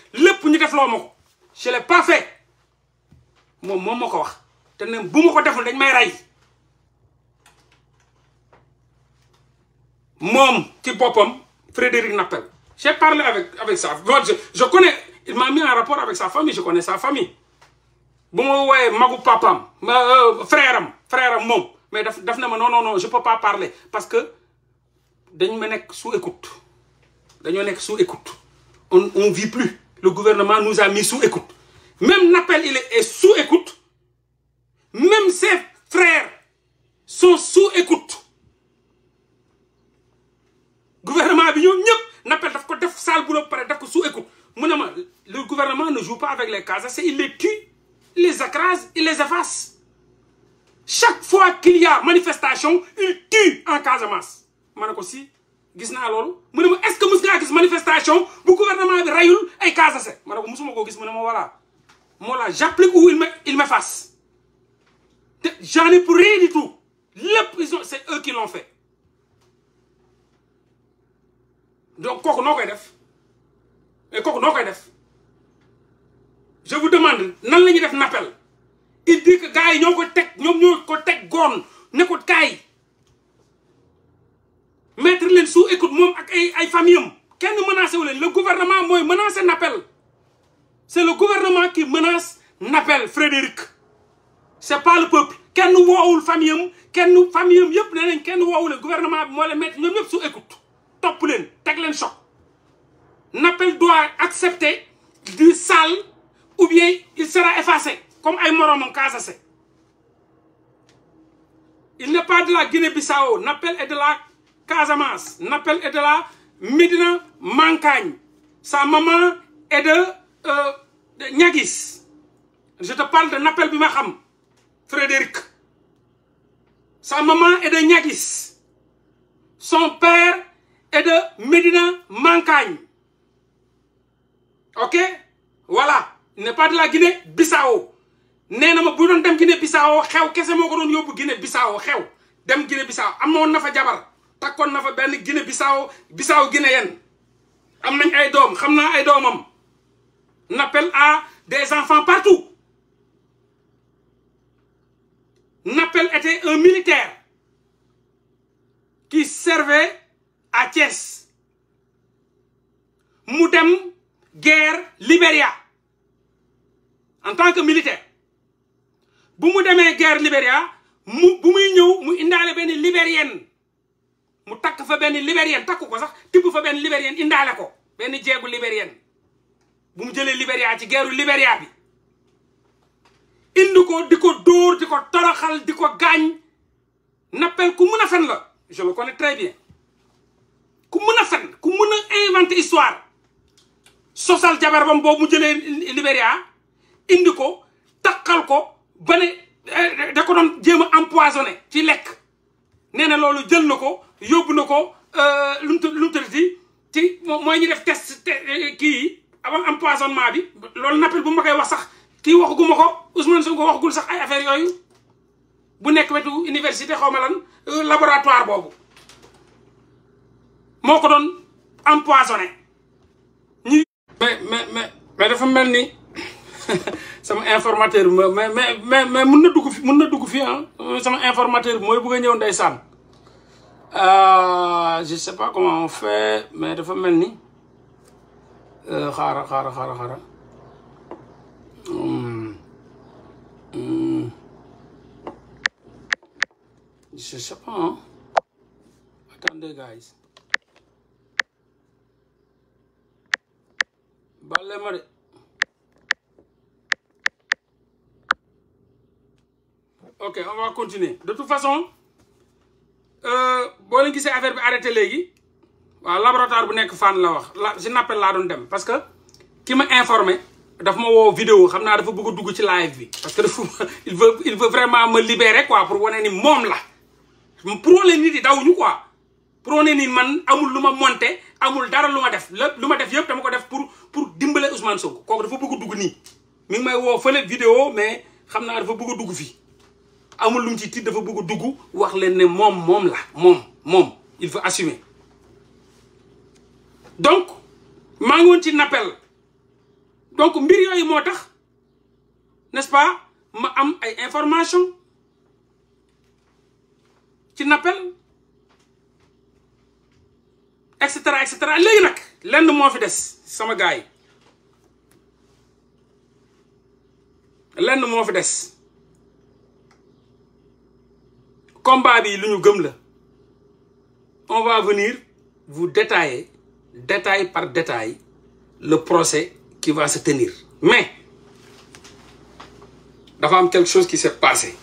lepp ñu def lo mako je l'ai pas fait moom moom ma wax té né bu mako deful dañ may ray mom ci boppam Frédéric Nappel j'ai parlé avec avec sa je je connais il m'a mis en rapport avec sa famille je connais sa famille bu mo wooyee magu papam ma euh, frère am frère am mais daf daf na ma non non non je peux pas parler parce que dañ ma nek sous écoute dañoo nek sous écoute on on vit plus le gouvernement nous a mis sous écoute. Même Napel, il est sous écoute. Même ses frères sont sous écoute. Le gouvernement bi sous écoute le gouvernement ne joue pas avec les Casas. il les tue il les accrase, il les efface chaque fois qu'il y a manifestation il tue un Casamance gis naa loolu mu ne ma est-ce que mës ngaa gis manifestation bu gouvernement bi rayul ay casase ma ne ko mësuma koo gis mu ne ma voilà moo la j'applique ou il me il m'efface te j'en ai pour rien du tout lépp ils ont c'est eux qui l'ont fait donc kooku noo koy def et kooku noo koy def je vous demande nan la ñuy def nappel il dit que gars yi ñoo ko teg ñoom ñoo ko teg goon ne ko kaay mettre les sous écoute mom ak ay ay famille kenn menacé le gouvernement moy menacer Napel c'est le gouvernement qui menace Napel Frédéric c'est pas le peuple kenn woowul famille kenn famille yep yëpp qui nous kenn woowu le gouvernement moi le mettre ñoom ñëpp sous écoute Top len teg len choc Napel doit accepter du sale ou bien il sera effacé comme ay moroomam c'est. il n'est pas de la Guinée-Bissau Napel est de la Casamance n'appelle est de là Médina Mankagne. sa maman est de euh, Nyagis. je te parle de n'appelle bi xam Frédéric sa maman est de Nyagis, son père est de Médina Mankagne. ok voilà il n'est pas de la Guinée Bissau nee na ma bu dem Guinée Bissau xew kese moo ko don yóbbu Guinée Bissau xew dem Guinée Bissau amoon na fa jabar takkoon na fa benn Guinée Bissau Bissau guinéen am nañ ay dom xamna ay domam n'appelle à des enfants partout Nappel était un militaire qui servait à Thiès mu dem guerre Libéria en tant que militaire bu mu guerre Libéria mu bu muy ñëw mu indaale benn libérienne mu takk fa benn libérienne takku ko sax tibb fa benn libérienne indaale ko benn jeegu libérienne bu mu jëlee Libéria ci geeru Libéria bi indi ko di ko dóor di ko toroxal di ko gaañ nappel ku mun a la je le connais très bien ku mun a fen ku mun a inventer histoire sosal jabar bam boobu mu jëlee Libéria indi ko takkal ko ba de eh, ko doon jéem a empoisonné ci lekk nee na loolu jël na ko ko euh, lu mu lu mu tëddati ci mooy ñu def test eh, kii yi avant empoisonnement bi loolu nappel bu ma koy wax sax kii waxagu ma ko Ousmane Sonko waxagul sax ay affaire yooyu bu nekk wetu université xaw ma lan euh, laboratoire boobu moo ko doon empoisonné ñi mais mais mais mais mel ni (laughs) sama informateur bi mais mais mais mun na dugg fi mun na dugg fi ah sama informateur bi mooy bëgg a ñëw ndeysaan Euh, je sais pas comment on fait mais de famille ni euh, xaaral hum, hum. je sais pas hein? attendez guys balle mari ok on va continuer de toute façon Euh, boo leen gisee affaire bi arrêté léegi waaw laboratoire bu nekk fan la wax la si nappel laa doon dem parce que ki ma informé daf ma woo vidéo xam naa dafa bëgg a dugg ci live bi parce que dafa (laughs) il veut il veut vraiment pour wane ni moom la pour leen nit yi daw quoi pour wane ni man amul lu ma monté amul dara lu def lépp lu ma def yëpp dama ko def pour pour dimbale Ousmane Sonko kooku dafa bëgg a dugg nii mi ngi may woo fële vidéo mais xam naa dafa bëgg a dugg fii amul lu ci tiit dafa bëgg duggu wax leen ne moom moom la moom moom il faut assumer donc maa ngi woon ci nappel donc mbir yooyu moo tax n'est-ce pas ma am ay information ci nappel et cetera et cetera léegi nag lenn moo fi des sama gars yi lenn moo fi des combat bi nous on va venir vous détailler détail par détail le procès qui va se tenir mais il y a quelque chose qui s'est passé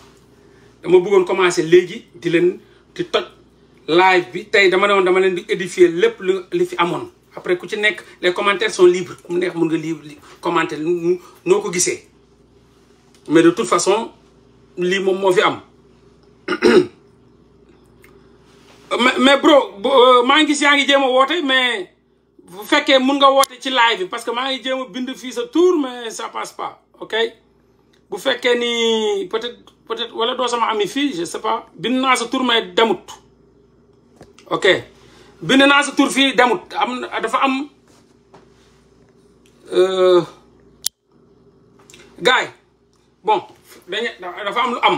Je voulais commencer léegi di leen di toj live bi tay dama ne dama len di édifier lepp li fi amone après ku ci les commentaires sont libres comme mu neex nga libre commenter mais de toute façon li mom mo fi am (clears throat) mais mais bro euh, maa ngi gis yaa ngi jéem a woote mais bu fekkee mun nga woote ci live bi parce que maa ngi jéem a bind fii sa tour mais ça passe pas ok bu fekkee ni peut-être peut-être wala doo sama ami fii je sais pas bind naa sa tour mais damut ok bind naa sa tour fii damut am a dafa am euh, gars yi bon dañu dafa am lu am.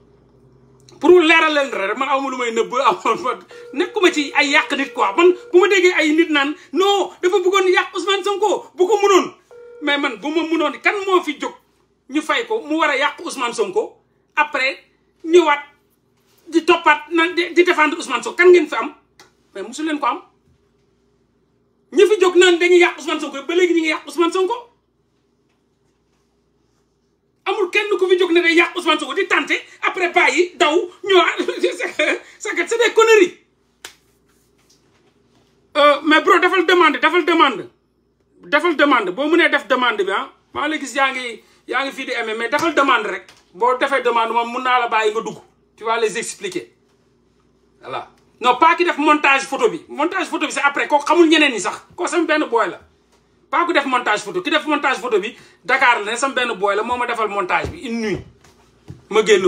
pour leeral leen rek man awma lu may nëbb awma nekkuma ci ay yàq nit quoi man bu ma déggee ay nit naan non dafa bëggoon yàq Ousmane Sonko bu ko mënoon mais man bu ma mënoon kan moo fi jog ñu fay ko mu war a yàq Ousmane Sonko après ñëwaat di toppaat na di défendre Ousmane Sonko kan ngeen fi am mais mosu leen ko am ñi fi jóg naan dañuy yàq Ousmane Sonko ba léegi ñu ngi yàq Ousmane Sonko. amul kenn ku fi jóg ne day yàq Ousmane Sonko di tante après bàyyi daw ñoo sakat (laughs) c'est des conneries euh, mais bro dafal demande defal demande dafal demande boo mënee def demande bi ah maa la gis yaa ngi yaa ngi fii di amee mais dafal demande rek boo defee demande moom mun naa la bàyyi nga dugg tu vas les expliquer voilà non pas ki def montage photo bi montage photo bi c'est après koo xamul ñeneen yi sax koo sama benn booy la pas ku def montage photo ki def montage photo bi Dakar la ne sama benn booy la moma defal montage bi une nuit ma génn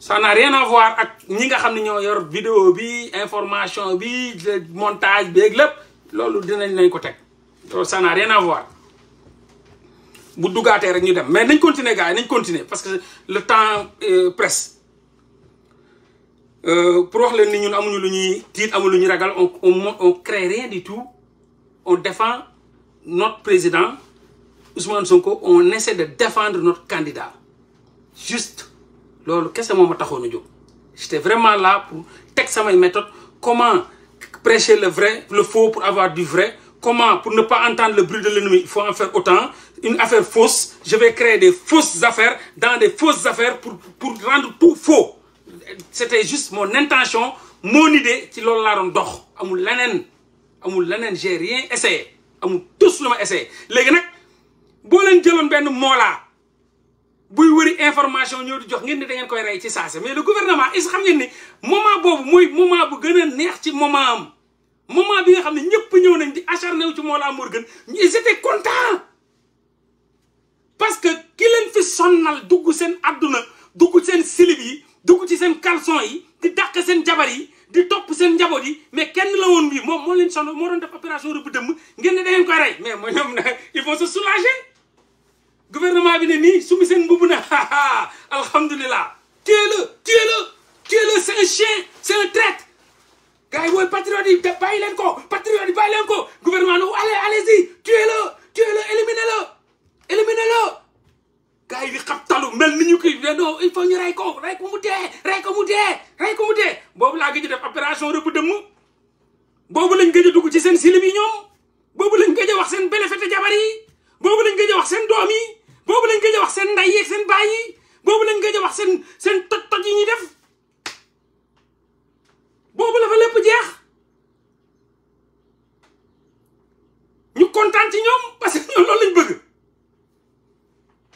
ça n'a rien à voir ak ñi nga xamni ne yor vidéo bi information bi montage bi ak lépp loolu dinañ lay ko tek ça n'a rien à voir bu dugaatee rek ñu dem mais nañ continuer gars yi nañ continuer parce que le temps euh, presse euh, pour wax les ni ñun amuñu lu tiit amuñu lu ragal on on crée rien du tout on défend notre président Ousmane Sonko on essaie de défendre notre candidat juste Qu'est-ce que que taxoon j'étais vraiment là pour à ma méthode comment prêcher le vrai le faux pour avoir du vrai comment pour ne pas entendre le bruit de l'ennemi il faut en faire autant une affaire fausse je vais créer des fausses affaires dans des fausses affaires pour pour rendre tout faux c'était juste mon intention mon idée ci loolu la j'ai rien essayé amul tus lu ma essayé léegi nag boo leen jëloon benn moolaa buy wëri information ñoo di jox ngeen ni da koy rey ci saase mais le gouvernement is xam ngeen ni moment boobu mooy moment bu gën a neex ci moment am moment bi nga xam ne ñëpp ñëw nañ di acharné wu ci Mollah Morgun ils étaient contents parce que ki leen fi sonnal dugg seen adduna dugg seen silib yi dugg ci seen caleçon yi di dàq seen jabar yi di top sen njaboot di mais kenn la won bii moom mo len sonal mo don def opération rëbb dëmm ngeen ne da ngeen koy rey mais mo ñom na il faut se soulager gouvernement bi ne ni sumi sen seen mbubb na alhamdulilah tuez-le tuez-le tuez-le c'est un chien c'est un traître gars yi patriote yi bàyyi len ko patriote yi len ko gouvernement ne allez allez-y tuez-le tuez-le éliminez-le éliminez-le gars yi di xam talu mel ni ñu kii non il faut ñu rey ko rey ko mu dee rey ko mu dee rey ko mu dee boobu laa gëj def opération rëbb dëmm boobu lañ gëj a dugg ci seen silim yi ñoom boobu lañ gëj a wax seen belefete jabar yi boobu lañ gëj a wax seen doom yi boobu lañ gëj wax seen ndey yi seen baay boobu lañ gëj a wax seen seen toj-toj ñuy def boobu la fa lépp jeex ñu kontaan ci ñoom parce que ñoom lañ bëgg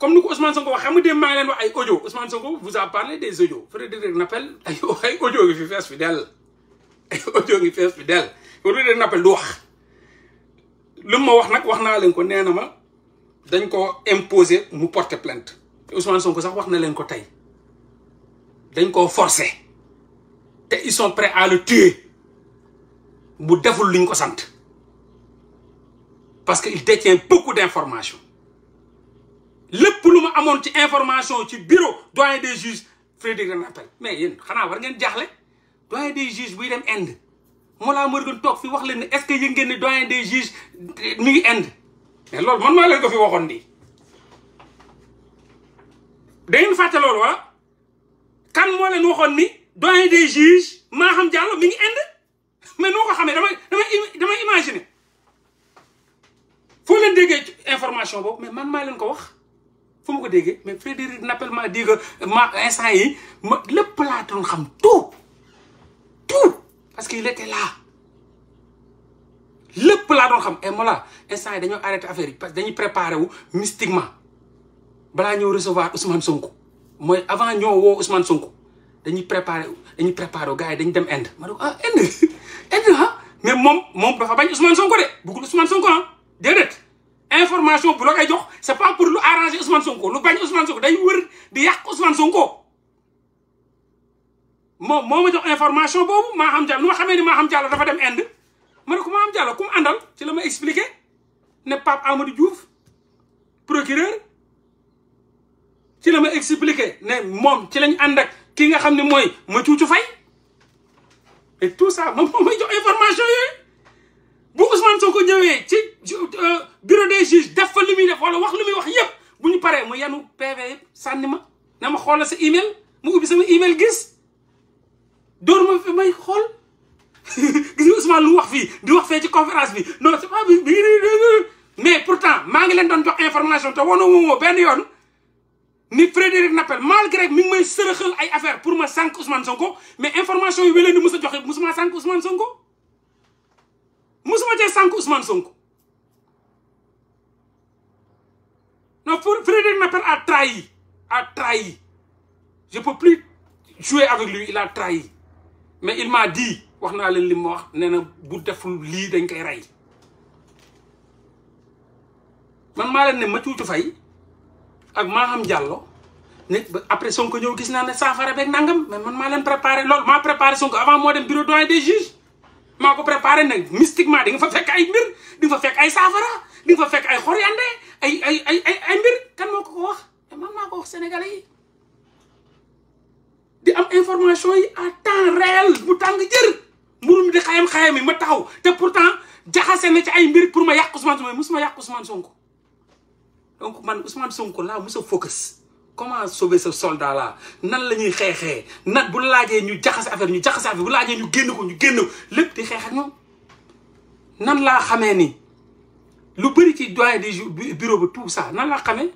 comme nous, Ousmane Sonko vous a parlé des audios Frédéric vous (laughs) ay audio ngi vous fi audio fi Frédéric Napel, wax lu je wax porter plainte Ousmane Sonko sax ils sont prêts à le tuer bu deful luñ ko parce que il détient beaucoup d'informations lépp lu ma amoon ci information ci bureau doyen des juges Frédéric en appel mais yéen xanaa war ngeen jaaxle doyen des juges buy dem Inde Mollah Morgun toog fi wax leen ne est-ce que yëg ngeen ne doyen des juges eh, mi ngi Inde mais loolu man maa leen ko fi waxoon nii dangeen fàtte loolu leen waxoon ni doyen des juges Maham Diallo mi ngi Inde mais noo ko xamee dama dama dama imaginer foo leen information boobu mais man maa leen ko wax fu me ko mais Frédéric n'appelle m'a dit que ma instant yi platon lépp xam tout tout parce qu'il était là Le platon doon xam et moi instant yi dañoo arrête affaire parce que dañuy préparé wu mystiquement balaa recevoir Ousmane Sonko Moi avant ñoo woo Ousmane Sonko dañuy préparé dañuy préparé au gars yi dañu dem Inde ma ah Inde (laughs) Inde hein? mais mon, mon dafa bañ Ousmane Sonko de beaucoup Ousmane Sonko hein? déedéet. information bu la koy jox c'est pas pour lu arranger Ousmane Sonko lu bañ Ousmane Sonko day wër di yàq Ousmane Sonko moom moo ma jox information boobu Maham Diallo nu ma xamee ni Maham Diallo dafa dem Inde ma ne ko Maham Diallo ku mu àndal ci la ma expliqué ne Pape Amadou Diouf procureur ci la ma expliqué ne moom ci lañ ànd ki nga xam ne mooy ma cuucu fay et tout ça moom moo jox information yooyu. bu Ousmane Sonko ñëwé ci euh, bureau des juges def fa li def wala wax li wax yépp bu ñu paree mu yanu PV yëpp ma na ma xol sa email mu ubi sama email gis door ma fi may xol (laughs) gis nga Ousmane lu wax fi di wax fé ci conférence bi non c'est pas bi mais pourtant ma ngi leen don jox information te wono woo ben yoon ni Frédéric Napel malgré mi ngi may sërëxal ay affaire pour ma sank Ousmane Sonko mais information yi bi leen joxe musuma Ousmane Sonko musuma cee sànq Ousmane Sonko non Frédéric Napel a trahi a trahi je peux plus jouer avec lui il a trahi mais il m'a dit wax naa leen li ma wax nee na bu deful lii dañ koy rey man maa leen ne ma cuucu fay ak maa xam jàllo ne après Sonko ñëw gis naa ne saafara beeg nangam mais man maa leen préparé loolu maa préparé Sonko avant moo dem bureau doyen des juges maa ko préparé nag mystiquement di nga fa fekk ay mbir di nga fa fekk ay saafara di nga fa fekk ay xoryande ay ay ay ay mbir kan moo ko ko wax eh, man maa ko wax sénégalais yi di am information yi à temps réel bu tàng jër mu mi di xayam-xayam yi ma taxaw te pourtant jaxase na ci ay mbir pour ma yàq Ousmane Sonko musuma yàq Ousmane Sonko donc man Ousmane Sonko laa mos a focus comment sauver ce soldat là nan lañuy nat bu ñu jaxass affaire ñu jaxass affaire bu ñu ko ñu lepp ak nan ni lu ci des tout ça nan la xamé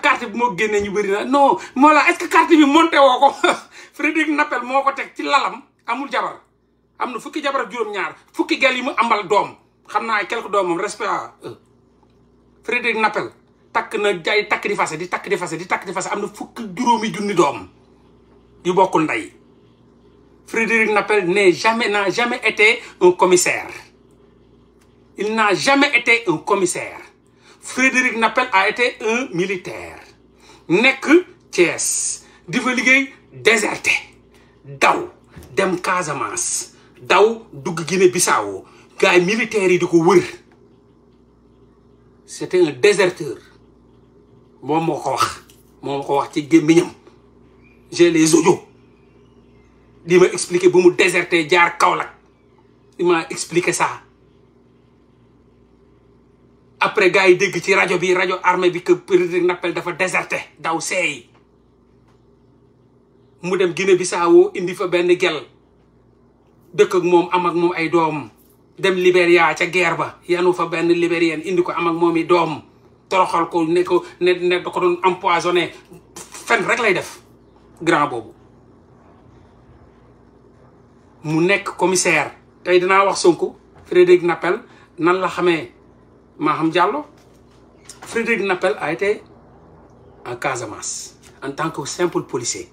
carte bi mo ñu bëri na non moi la est-ce que carte bi monté woko (laughs) Frédéric Napel, moko pas ci lalam amul jabar amna fukki jabar ak ñaar fukki gel yi mu un doom xamna respect à Frédéric Napel takk na jaay takk di fase di takk di fase di takk di fase am fukk juróomi junni doom yu Frédéric Napel n'est jamais n'a jamais été un commissaire il n'a jamais été un commissaire Frédéric Napel a été un militaire nek Thiès di fa liggéey déserté daw dem Casamance daw dug Guinée-Bissau gars militaire militaires yi di ko wër c'était un déserteur moom moo ko wax moo ko wax ci gémmiñam j'ai les audios di ma expliqué bu mu déserté jaar Kaolack di ma expliqué ça après gars yi dégg ci rajo bi rajo armée bi que Frédéric Nappel dafa déserté daw seey mu dem Guinée Bissau indi fa benn gel dëkk ak moom am moom ay doom dem Libéria ca guerre ba yanu fa benn libérienne indi ko am ak moom i doom toroxal ko ne ko empoisonné grand mu nekk commissaire wax Frédéric Napel nan la Frédéric Napel a été en Casamance en tant que simple policier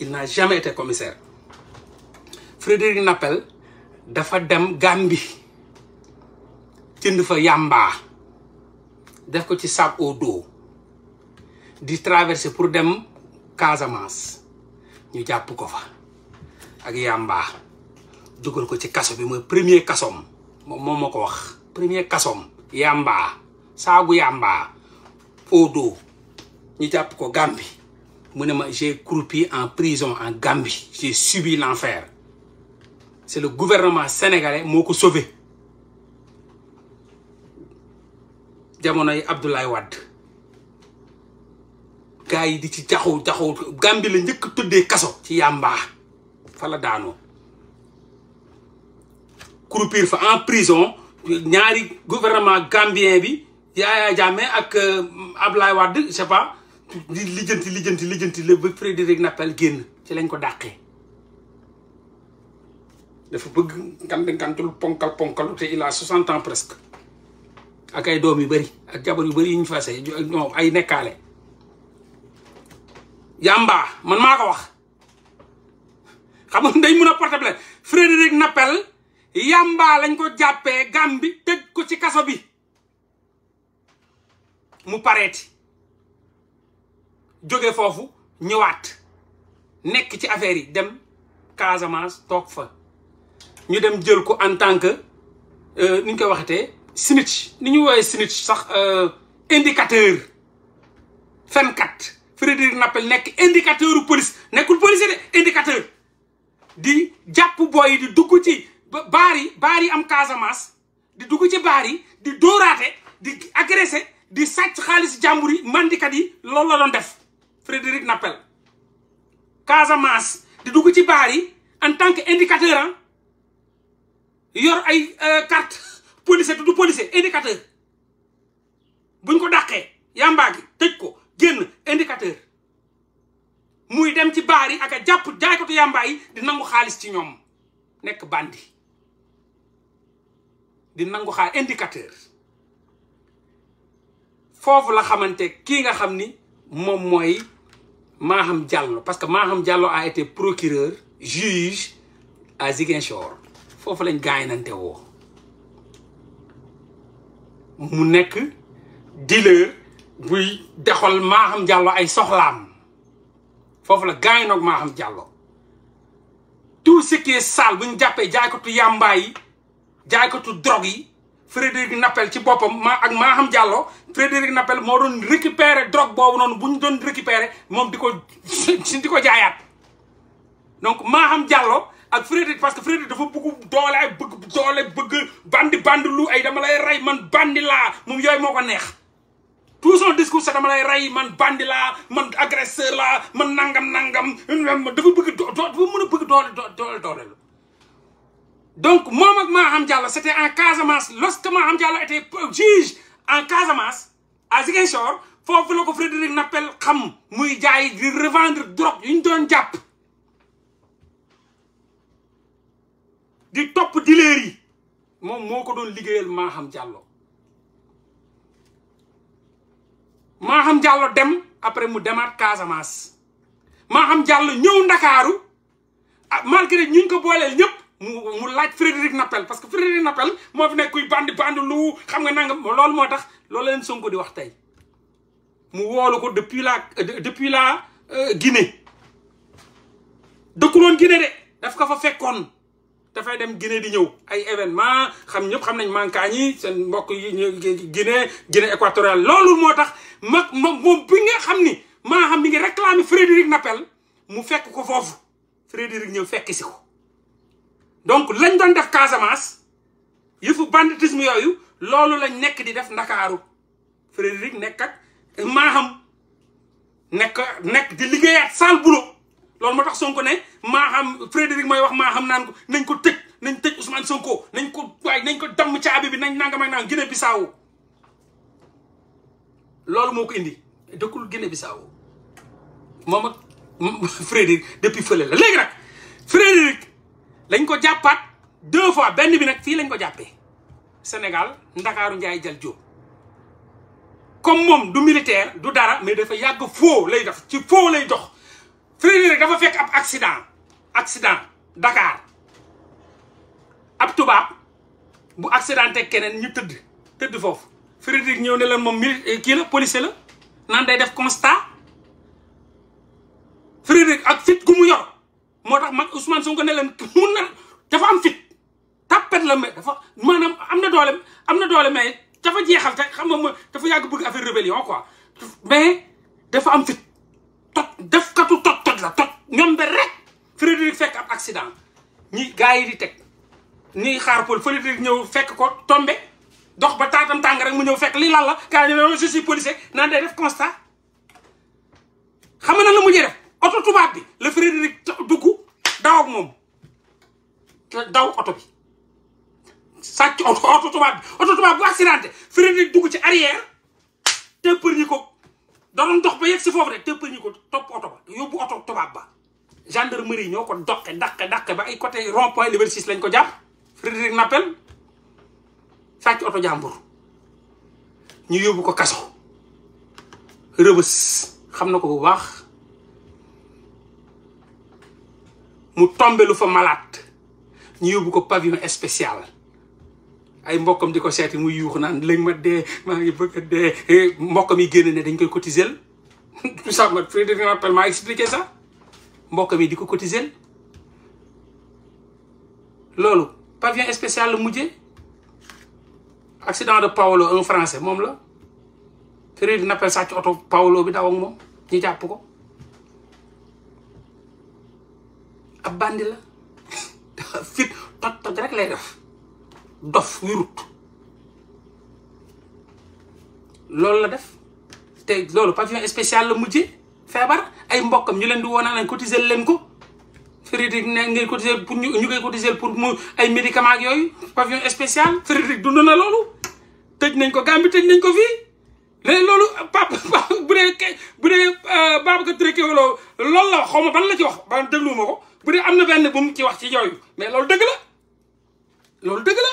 il n'a jamais été commissaire Frédéric Napel dafa dem Gambie fa def ko ci sac au dos di traverser pour dem Casamance ñu japp ko fa ak yamba dugal ko ci kaso bi moy premier kassom mom moo wax premier kassom Yamba, saagu yamba au dos ñu ko Gambie mu j'ai croupi en prison en Gambie j'ai subi l'enfer c'est le gouvernement sénégalais moko sauver jamonoy Abdoulaye Wade gars di ci taxaw taxaw gambi la ñeuk tuddé kaso ci yamba fa la daano croupir fa en prison ñaari gouvernement gambien bi Yaya jame ak euh, Abdoulaye wad je sais pas di lijjanti lijjanti lijjanti la Frédéric Napel guen ci lañ ko dàqee dafa bëgg ngantul ponkal ponkal té il a 60 ans presque ak ay doom yu bëri ak jabar yu bëri yu ñu fase ñoom ay nekkaale yàmbaa man maa ko wax xam nga dañ mun a porter plainte Nappel yàmba lañ ko jàppee Gàmbi teg ko ci kaso bi mu pareeti jóge foofu ñëwaat nekk ci affaire yi dem Casamance toog fa ñu dem jël ko en tant que euh, ni ñu koy waxte snitch ni ñuy woowee snitch sax euh, indicateur fenkat Frédéric Nappel nekk indicateuru police nekkul policier de indicateur di jàpp booy yi di dugg ci baar yi am Casamance di dugg ci baar yi di dóoraate di agressé di sàcc xaalis jàmbur yi mandikat yi loolu la doon def Frédéric Nappel Casamance di dugg ci baar yi en tant que indicateur ah yor ay euh, carte policier tudd policier indicateur buñ ko dàqee yamba gi tejj ko genn indicateur muy dem ci bar yi ak jaay ko to yamba yi di nangu xaliss ci ñom nek bandi di nangu xaar indicateur fofu la xamanté ki nga xamni mom moy Maham Diallo parce que Maham Diallo a été procureur juge à Ziguinchor fofu lañ gaañante wo mu nekk dealer buy dexal Maham Diallo ay soxlaam foofu la gaañ noog Maham Diallo tout ce qui est sale bu ñu jàppee jaaykatu yàmbaay yi jaaykatu drogue yi Frédéric Nappel ci boppam ma ak Maham jallo Frédéric Nappel moo doon récupérer drogue boobu noonu bu ñu doon récupérer moom di ko (laughs) di ko jaayaat donc Maham Diallo ak Frédéric parce que Frédéric dafa bëgg doole ay bëgg doole bëgg bandi bandi lu ay dama lay ray man bandi laa moom yooyu moo ko neex tout son discours sax dama lay rey man bandi laa man agresseur laa man nangam nangam dafa bëgg do dafa mën a bëgg doole donc moom ak Maham Diallo c' était en Casamance lorsque Maham Diallo était juge en Casamance à Ziguinchor foofu la ko Frédéric Nappel xam muy jaay di revendre drogue yu ñu doon jàpp di top dileer yi moom moo ko doon Maham Diallo Maham Diallo dem après mu demat casamas Maham Diallo ñëw Ndakaaru ah malgré ñu ko bolel ñep mu mu laaj Frédéric napel parce que Frédéric napel mo fi nek kuy bande bande lu xam nga nangam lool motax lool loolu Sonko di wax tay mu woolu ko depuis la euh, depuis la euh, Guinée dëkkuloon Guinée de daf ko fa fekkone dafay dem Guinée di ñëw ay événement xam ñëpp xam nañ mankaañ yi seen mbokk yi ñu Guinée Guinée équatoriale loolu moo tax ma ma moom bi nga xam ni maa xam mi ngi réclamer Frédéric Napel mu fekk ko foofu Frédéric ñëw fekk si ko donc lañ doon def Casamance yëfu banditisme yooyu loolu lañ nekk di def ndakaaru Frédéric nekk ak maa xam nekk nekk di liggéeyaat sale boulot loolu moo tax Sonko ne maa xam Frédéric mooy wax maa xam naan ko nañ ko tëj nañ tëj Ousmane Sonko nañ ko waay nañ ko damm caabi bi nañ nangam ak nangam Guinée Bissau loolu moo ko indi dëkkul Guinée Bissau moom ak (laughs) Frédéric depuis fële la léegi nag Frédéric lañ ko jàppaat deux fois benn bi nag fii lañ ko jàppee Sénégal Ndakaaru Njaay jal Jóob comme moom du militaire du dara mais dafa yàgg foo lay def ci foo lay dox Frédéric rek dafa fekk ab accident accident Dakar ab tubaab bu accidenté keneen ñu tëdd tëdd foofu Frédéric ñëw ne leen moom mili eh, kii la policier la naan day def constat Frédéric ak fit gu mu yor moo tax mag Ousmane Sonko ne leen mun na dafa am fit tàppet la mais dafa maanaam am na doole am na doole mais dafa jeexal te xam nga mooy dafa yàgg bëgg affaire rébellion quoi mais dafa am fit tot def katu la toj ñoom ba rek Frédéric fekk ab accident ñi gars yi di teg ñuy xaar pol Frédéric ñëw fekk ko tombé dox ba taatam tàng rek mu ñëw fekk li lan la gars na ne je suis policier naan day def constat xam la mu ñuy def oto tubaab bi la Frédéric dugg daw ak moom daw oto bi sàcc oto oto tubaab bi oto tubaab bu accidenté Frédéric dugg ci arrière te për ñi ko doon dox ba yegg si foofu rek tëppal ñu ko topp oto ba yóbbu oto tubaab ba gendarmerie ñoo ko doqe daqe daqe ba ay côté rond point Liberté 6 lañ ko jàpp Frédéric Nappel sàcc oto jàmbur ñu yóbbu ko kaso rëbës xam na ko bu baax mu tombelu fa malade ñu yóbbu ko pavillon spécial ay mbokkam di ko seeti muy yuux naan lañ ma dee maa ngi bëgg a dee eh, mbokkam yi génn ne dañ koy cotiser tout ça ma Frédéric Rappel maa expliqué ça mbokkam yi di ko cotiser loolu pavillon spécial la mujje accident de Paolo un français moom la Frédéric Rappel sax ci oto Paolo bi daw ak moom ñu jàpp ko ab bandi la (laughs) fit toj toj rek lay def dof wérut loolu la def te loolu pavillon spécial la mujje feebar ay mbokkam ñu leen di woon nañ cotiser leen ko Frédéric ne ngay cotiser pour ñu ñu koy cotiser pour mu ay médicament ak yooyu pavillon spécial Frédéric dund na loolu tëj nañ ko Gambie tëj nañ ko fii léegi loolu papa bu dee ke bu dee euh, Babacar Touré Kewelo loolu la wax xaw ma ban la ci wax ba dégluwuma ko bu dee am na benn bu mu ci wax ci yooyu mais loolu dëgg la loolu dëgg la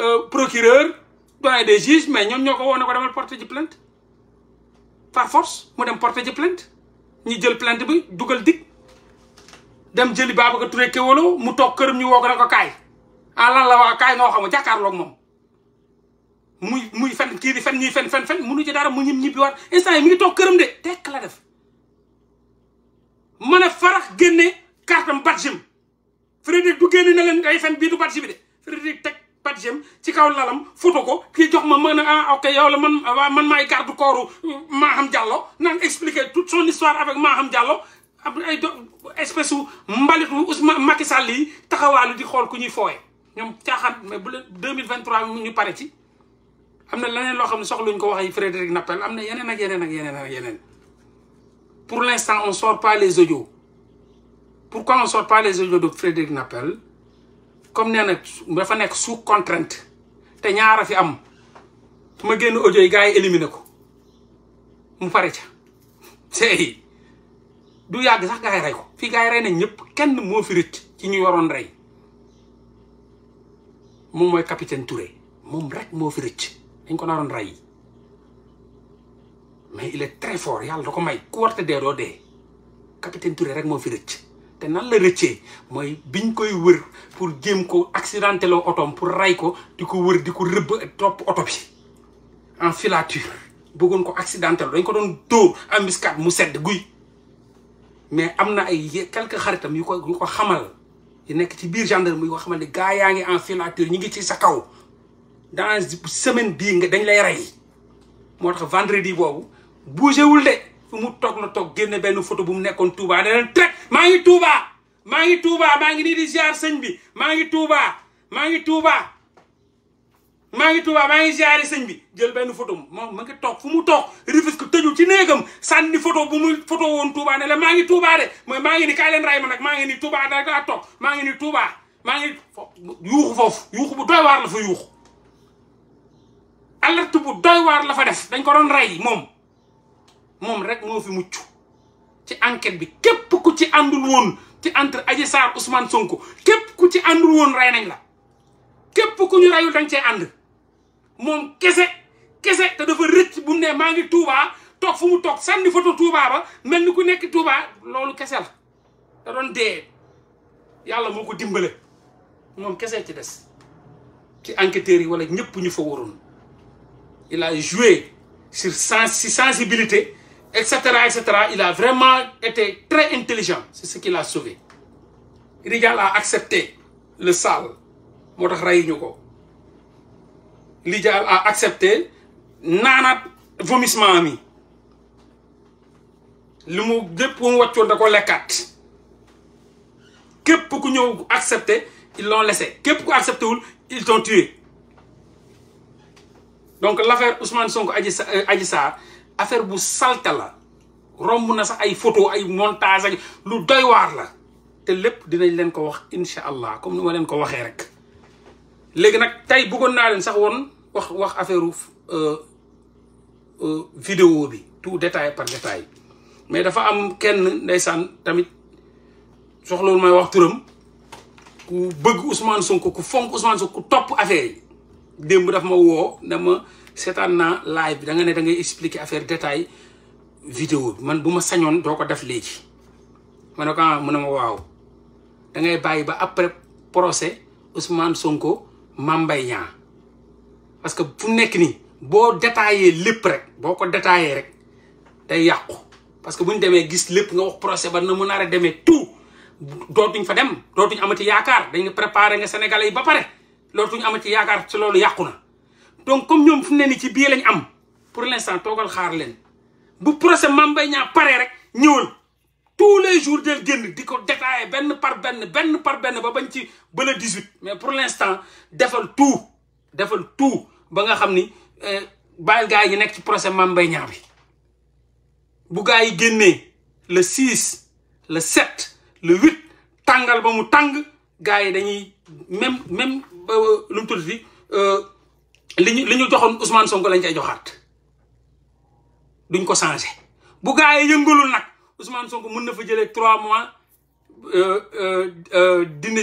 Euh, procureur doyen des juges mais ñoom ñoo ko woon ne ko demal porter ji plainte par force mu dem porter ji plainte ñu jël plainte bi dugal dig dem jëli Babacar Touré Kewolo mu toog këram ñu woo ko ne ko kaay ah lan la waa kaay noo xam jàkkaarloog moom muy muy fen kii di fen ñuy fen fen fen munu ci dara mu ñib ñibbiwaat instant yi mi ngi toog këram de tekk la def mën a farax génne kartam badjim Frédéric du génne na leen ngay fen bii du badji bi de Frédéric teg patgem ci kaw lalam foto ko kii jox ma mën a ah ok yow la man man maay garde corps Maham Diallo naan expliquer toute son histoire avec Maham Diallo ab ay espèce u mbalitu Ousmane Macky Sall yi taxawaalu di xool ku ñuy fooye ñoom caaxaan mais bu leen 2023 ñu pare ci am na leneen loo xam ne soxluñ ko wax yi Frédéric Nappel am na yeneen ak yeneen ak yeneen ak yeneen pour l'instant on sort pas les audios pourquoi on sort pas les audios de Frédéric Nappel comme nee na dafa nekk sous contrainte te ñaara fi am ma génn audio yi gars éliminé ko mu pare ca sey du yàgg sax gars yi rey ko fii gars yi rey nañ ñëpp kenn moo fi rëcc ci ñuy waroon rey moom mooy capitaine Touré moom rek moo fi rëcc dañ ko naroon rey mais il est très fort yàlla da ko may ku warte dee doo dee capitaine Touré rek moo fi rëcc te nan la rëccee mooy biñ koy wër pour jéem ko accidenté pour ray ko di wër di ko rëbb topp bi en filature bëggoon ko accidenté dañ ko doon mu mais am ay quelques xaritam yu ko xamal ci biir gendarme xamal en filature ñi ngi ci dans semaine bii nga dañ lay vendredi boobu bougé wul fu mu toog la toog génne benn photo bu mu nekkoon Touba da leen maa ngi Touba maa ngi Touba maa ngi nii di sëñ bi maa ngi Touba maa ngi tuuba maa ngi Touba maa ngi ziare sëñ bi jël benn photo moom ma ngi toog fu mu toog Rufisque ko tëju ci néegam sànni photo bu mu photo woon Touba ne la maa ngi Touba de mooy maa ngi ni kaay leen ray ma nag maa ngi ni Touba da daa toog maa ngi ni Touba maa ngi yuuxu foofu yuuxu bu doy waar la fa yuuxu alerte bu doy waar la fa def dañ koroon raay rey moom moom rek moo fi mucc ci enquête bi képp ku ci àndul woon ci entre Adji Sarr Ousmane Sonko képp ku ci àndul woon rey nañ la képp ku ñu reyul dañ cee ànd moom kese kese te dafa rëcc bu ne maa ngi Touba toog fu mu toog sànni photo Touba ba mel ni ku nekk Touba loolu kese la da doon dee yàlla moo ko dimbale moom kese ci des ci enquêteurs yi wala ñëpp ñu fa waroon il a joué si sensibilité etc., etc. Il a vraiment été très intelligent. C'est ce qui l'a sauvé. Rigal a accepté le sale. Rigal a accepté Nana vomissement ami. Le mot de point de la que képp ku ñëw accepté ils l'ont laissé que ku accepté ils t'ont tué donc l'affaire Ousmane Sonko Adji euh, affaire bu salte la romb na sax ay photo ay montage ak lu doy waar la te lépp dinañ leen ko wax incha allah comme ni ma leen ko waxee rek léegi nag tey bëggoon naa leen sax woon wax wax affaire euh, euh, vidéo bi tout détail par détail mais dafa am kenn ndeysaan tamit soxloolu may wax turam ku bëgg Ousmane sunk ku fonk Ousmane Sonko ku topp affaire yi démb dafa ma woo ne seetaan naa live bi da nga ne da ngay expliquer affaire détail vidéo bi man bu ma sañoon doo ko def léegi ma ne ko ah mu ma waaw da ngay bàyyi ba après procès Ousmane Sonko Mame Mbaye Niang parce que fu nekk nii boo détaillé lépp rek boo ko détaillé rek day yàqu parce que bu ñu demee gis lépp nga wax procès ba na mu nar a demee tout dootuñ fa dem dootuñ amati yaakaar dañ nga préparé nga sénégalais yi ba pare dootuñ amati yaakaar ci loolu yàqu na. donc comme nous fu ne ni ci bii lañ am pour l'instant, instant toogal xaar leen bu procès Mame Mbaye paré, paree rek tous les jours del génn di ko détaillé benn par ben, ben par ben, ba bañ ci ba le 18 mais pour l'instant, instant defal tout defal tout ba nga xam ni euh, bàyyil gars yi nekk ci procès Mame Mbaye Niang bi bu gars yi le 6 le 7 le 8 Tangal, ba mu tàng gars yi dañuy même même euh, lu mu tudd euh, li ñu li ñu joxoon Ousmane Sonko lañ cay joxaat duñ ko changé bu gaa yëngalul nag usmaan Sonko mën na fa jëlee trois mois euh, euh, euh, dina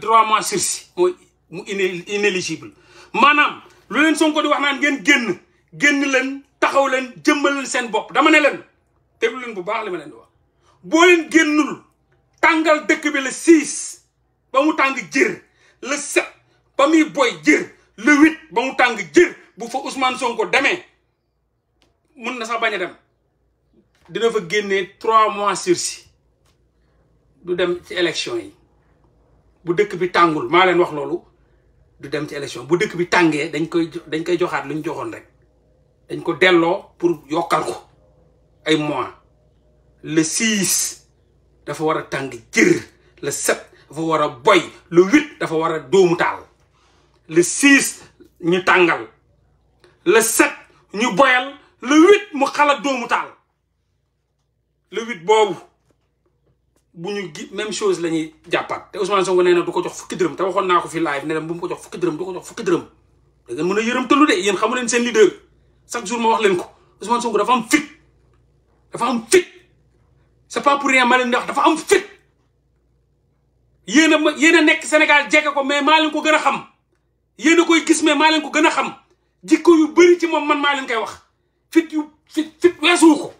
trois mois sursis mooy mu inéligible maanaam lu leen Sonko di wax naan ngeen génn génn leen taxaw leen jëmmal seen bopp dama ne leen déglu leen bu baax li ma leen di wax boo leen génnul tàngal dëkk bi la six ba mu tàng jër le sept ba muy boy jër le huit ba mu tàng jër bu fa Ousmane Sonko demee mun na sax bañ a dem dina fa génnee trois mois sursis du dem ci élection yi bu dëkk bi tàngul maa leen wax loolu du dem ci élection bu dëkk bi tàngee dañ koy dañ koy joxaat lu ñu joxoon rek dañ ko delloo pour yokkal ko ay mois le six dafa war a tàng jër le sept dafa war a boy le huit dafa war a dóomu taal le 6 ñu tàngal le 7 ñu boyal le 8 mu xalat doomu taal le 8 boobu bu ñu gi même chose la ñuy jàppaat te Ousmane Sonko nee na du ko jox fukki dërëm te waxoon naa ko fi live ne dem bu mu ko jox fukki dërëm du ko jox fukki dërëm de yéen xamu leen seen leader chaque jour ma wax leen ko Ousmane Sonko dafa am fit dafa am fit c'est pas pour rien ma leen di dafa am fit yéen a ma yéen a nekk Sénégal jege ko mais maa leen ko gën a xam. yéen a koy gis mais maa leen ko gën a xam jikko yu bëri ci moom man maa leen koy wax fit yu fit fit weesuwu ko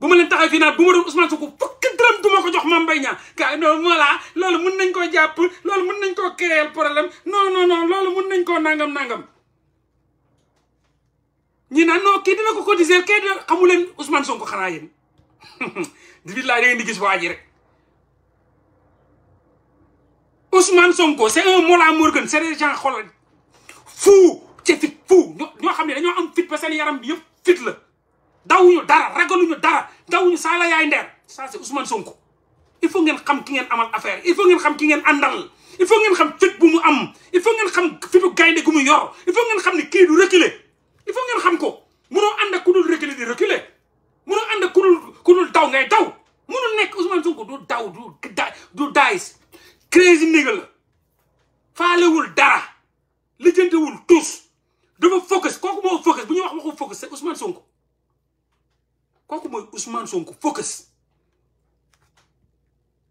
bu ma leen taxaw fii naan bu ma doon Ousmane Sonko fukki dërëm du ma ko jox man bay ñaa ka non voilà loolu mun nañ koo jàpp loolu mun nañ koo créer problème non non loolu mun nañ koo nangam nangam ñi naan non ki dina ko cotiser kii dina xamu leen Ousmane Sonko xanaa yéen (laughs) di laa ngeen di gis waa ji rek fou ci fit fou ñoo xam ne am fit ba seen yaram bi yëpp fit la dawuñu dara ragaluñu dara dawuñu saa la yaay ndeer ça c'est Ousmane Sonko il faut ngeen xam ki ngeen amal affaire il faut ngeen xam ki ngeen àndal il faut ngeen xam fit bu mu am il faut ngeen xam fitu gaynde gu mu yor il faut ngeen xam ne kii du reculer il faut ngeen xam ko munoo ànd ak ku reculer di reculer munoo ànd ak ku dul ku dul daw ngay daw munul nek Ousmane Sonko du daw du du daay crazy nigga la faalewul dara li lijjantiwul tous dafa focus kooku moo focus bu ñuy wax waxu focus c'est Ousmane Sonko kooku mooy Ousmane Sonko focus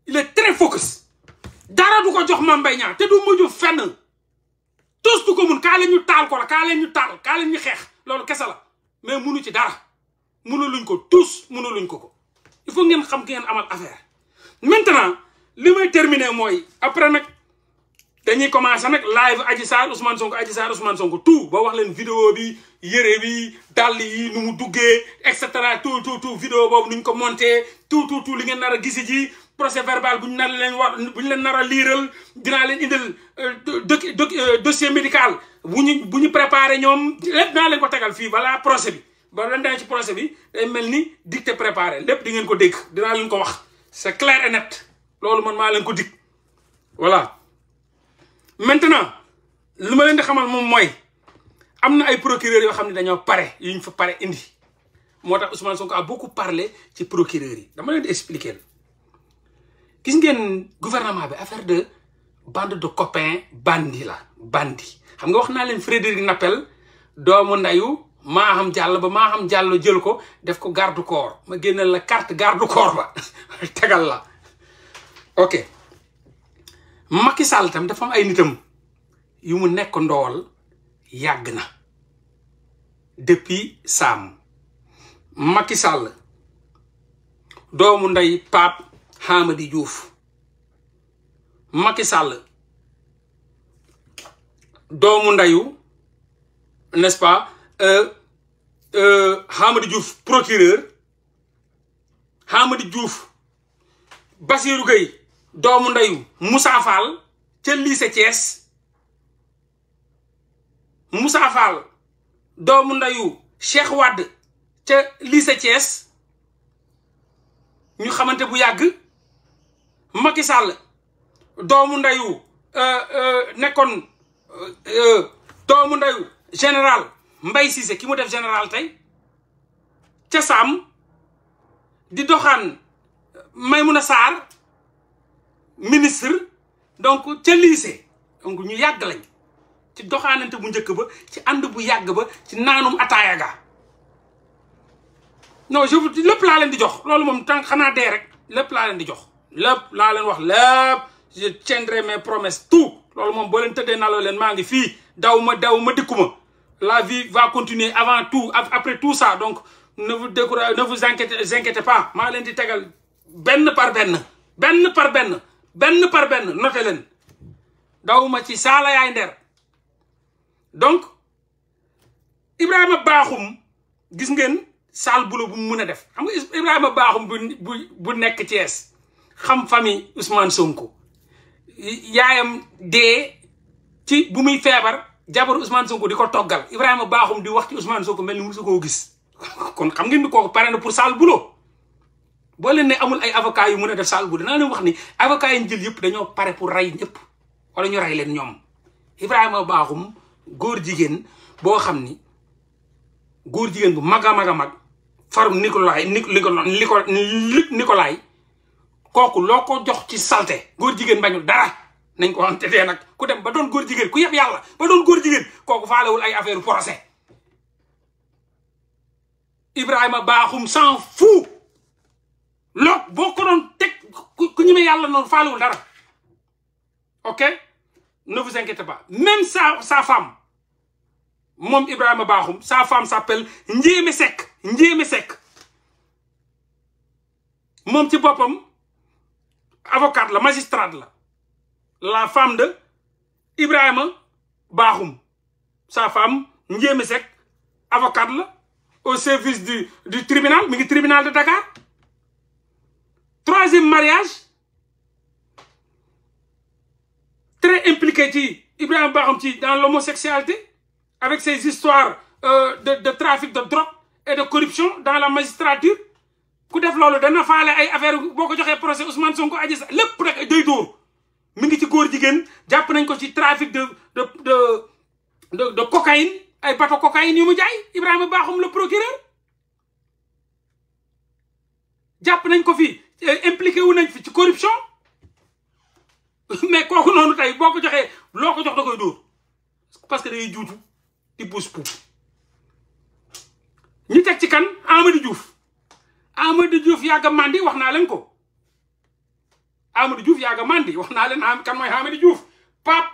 il est très focus dara du ko jox Mame Mbaye Niang te du mujj fenn tous du ko mun kaa ñu taal ko la kaa ñu taal kaa leen ñu xeex loolu kese la mais munu ci dara luñ ko tous mënuluñ ko ko il faut ngeen xam ngeen amal affaire maintenant li may terminer mooy après nag. dañuy commencé nag live Adji Sarr Ousmane Sonko Adji Sarr Ousmane Sonko tout ba wax leen vidéo bi yére bi dàll yi nu etc. tout tout tout vidéo boobu nu ñu ko monté tout tout tout li ngeen n'a a gisi ji procès verbal bu ñu nar leen war bu ñu leen nar a liiral dinaa leen indil euh, euh, dossier médical bu ñu bu ñu préparé ñoom lépp naa leen ko tegal fii balaa procès bi ba leen demee ci procès bi day mel dicté préparé lépp di ngeen ko dégg dinaa leen ko wax c'est clair et net loolu man maa leen ko dig voilà maintenant lu ma leen di xamal moom mooy am na ay procureurs yoo xam ne dañoo pare yu ñu fa pare indi moo Ousmane Sonko a beaucoup parlé ci procureurs yi dama leen di expliquer gis ngeen gouvernement bi affaire de bande de copains bandi la bandi xam nga wax naa leen Frédéric Nappel doomu ndayu ma xam jàll ba maa xam jàll jël ko def ko garde corps ma génneel la carte garde corps ba (laughs) tegal la ok Macky Sall tam dafa ay nitam yu mu nekk ndool yàgg na depuis saam Macky doomu ndey Pape Hamadi Diouf Macky doomu ndeyu n'est-ce pas euh, euh, Hamadi Diouf procureur Hamadi Diouf Bassirou Gueye doomu ndeyu Moussa ca lycée Thiès Moussa doomu ndeyu Cheikh Wade ca lycée Thiès ñu xamante bu yàgg Macky Sall doomu ndeyu euh, euh, nekkoon euh, doomu ndeyu général Mbaye Cissé ki mu def général tey ca Saam di doxaan Maimouna Sarr ministre donc ci lycée donc ñu yag lañ ci doxaanante bu njëkk ba ci and bu yag ba ci nanum ataaya ga non je vous le plan leen di jox loolu mom tan xana dé rek Le plan leen di jox lépp la leen wax lépp je tiendrai mes promesses tout loolu mom bo leen tëddee naloo leen ma ngi fi daw ma daw ma la vie va continuer avant tout après tout ça donc ne vous découragez ne vous inquiétez inquiétez pas ma leen di tégal benn par benn benn par benn ben par ben noté len dawuma ci sala yaay nder donc Ibrahima baxum gis ngeen sal bulo bu meuna def xam nga Ibrahima baxum bu bu ci es xam fami Ousmane Sonko yaayam de ci bu muy febar jabar Ousmane Sonko di togal Ibrahima baxum di wax ci Ousmane Sonko melni musuko gis (laughs) kon xam ngeen ni kooku parane pour sal bulo boo leen amul ay avocat yu mën a def saal bu dinaa leen wax ni avocat yi ñu jël yëpp dañoo pare pour rey ñëpp wala ñu rey leen ñoom Ibrahima Bakhoum góor jigéen boo xam ni góor jigéen bu mag a mag a mag farum Nicolay Nicolay kooku loo ko jox ci salté góor jigéen bañul dara nañ ko wante tee nag ku dem ba doon góor jigéen ku yeb yàlla ba doon góor jigéen kooku faalewul ay affaire procès Ibrahima baaxum s'en fout loo beaucoup de doon que ku ñemee dara ok ne vous inquiétez pas même sa sa femme mon Ibrahim Bahoum, sa femme s'appelle Ndiémé Mesek. Ndiémé Mesek. Mon ci papa, avocat, la magistrate la la femme de Ibrahim sa femme Ndiye Mesek, avocat au service du du tribunal mi tribunal de Dakar troisième mariage très impliqué ci Ibrahim Bakhoum dans l'homosexualité avec ses histoires euh, de de trafic de drogue et de corruption dans la magistrature ku def loolu dana faale ay affaire boo ko joxee procès Ousmane Sonko a dit ça. Le day dóor tout. Il ci un homme nañ ko ci trafic de de de de cocaïne ay bateau cocaïne il mu Il Ibrahim Bakhoum le procureur jàpp nañ ko Eh, impliqué wu nañ fi ci corruption (laughs) mais kooku noonu tay boo ko joxee loo ko jox da koy dóor parce que day juutu di buus puuf ñu teg ci kan Amadou Diouf Amadou Diouf yàgga mandi wax naa leen ko Amadou Diouf yàgga mandi wax naa leen kan mooy Amadou Diouf Pape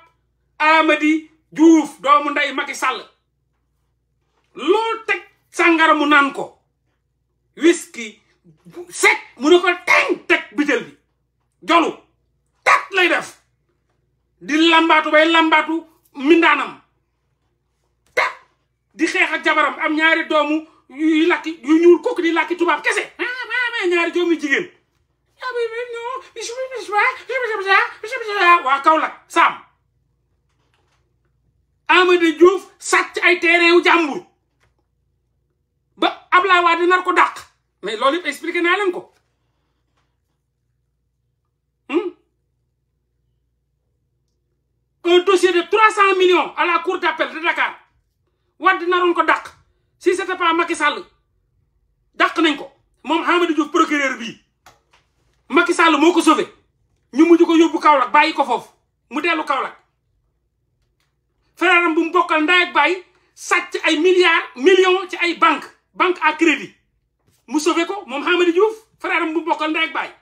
Amady Diouf doomu ndey Macky Sall loo teg sàngara mu naan ko whisky set mu ne ko teng teg bitel bi jolu tat lay def di lambaatu bay lambaatu mindaanam tat di xeex ak jabaram am ñaari doomu yuy lakki yu ñuul kooku di lakki tubaab kese ah ñaari doomu jigéen waa Kaolack Saam Amady Diouf sàcc ay terrain wu jàmbur ba Ablaye Wade nar ko dàq mais loolu yëpp expliqué naa leen ko un dossier de 300 millions à la cour d'appel de Dakar na ron ko dàq si c'était pas Macky Sall dàq nañ ko moom Hamidou Diouf procureur bi Macky Sall moo ko sauvé ñu mujj ko yóbbu Kaolack bàyyi ko foofu mu dellu Kaolack frère bu mu bokkal ndaay ak bàyyi sàcc ay milliards millions ci ay banque banque à crédit mu sauvé ko Diouf frère bu bokkal ndey ak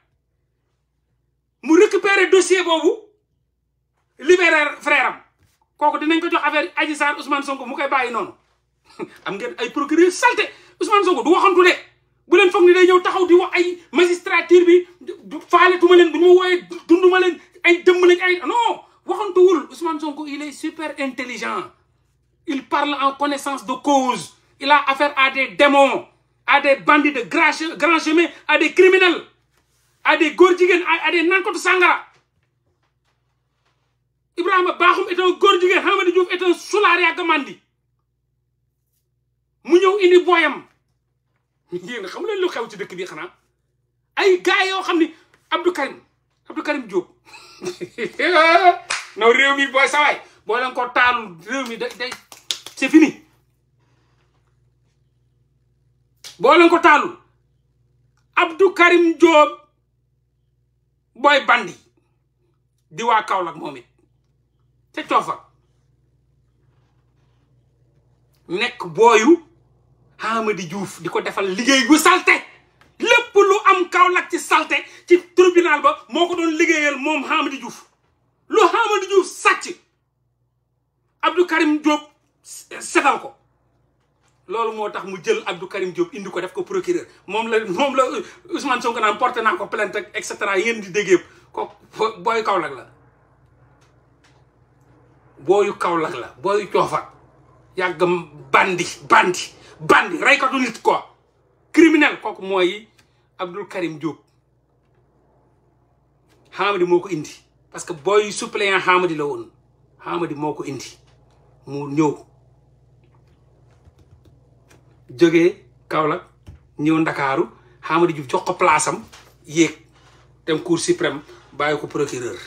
mu récupérer dossier libérer frère am kooku ko jox affaire Adji Ousmane Sonko mou kay non. am ngeen ay procureur salté Ousmane Sonko du vous vous ay magistrature bi ay ay non Ousmane Sonko il est super intelligent il parle en connaissance de cause il a affaire à des démons à des bandits de grand chemin, à des criminels, à des gordigens, à, des nankot sangara. Ibrahim Bahoum est un gordigen, Hamad Diouf est un soulari à Gamandi. Mouniou Ini Boyam. Yéen xam leen lu xew ci dëkk bi xana ay gaay yo xamni Abdou Karim Abdou Karim Diop (laughs) non rew mi boy saway bo leen ko taal rew mi day c'est fini boo ko taalul Abdou Karim Diop booy bandi di waa Kaolack moom it te nekk booyu Hamadi Diouf di ko defal liggéey gu salte lépp lu am Kaolack ci salte ci tribunal ba moo ko doon liggéeyal moom Hamadi Diouf lu Hamadi Diouf sàcc Abdou Karim Diop ko loolu motax mu jël Abdou Karim Diop indi ko def ko procureur mom la mom la Ousmane Sonko nan porté nako plainte et cetera yeen di dege ko kaw Kaolack la kaw Kaolack la boy tiofa yag bandi bandi bandi ko nit ko criminel kok moy Abdou Karim Diop Hamadi moko indi parce que boy suppléant Hamadi la won Hamadi moko indi mu ñew joge Kaolack ñew dakaru Hamadi Diouf jox ko place am yek dem cour suprême baye ko procureur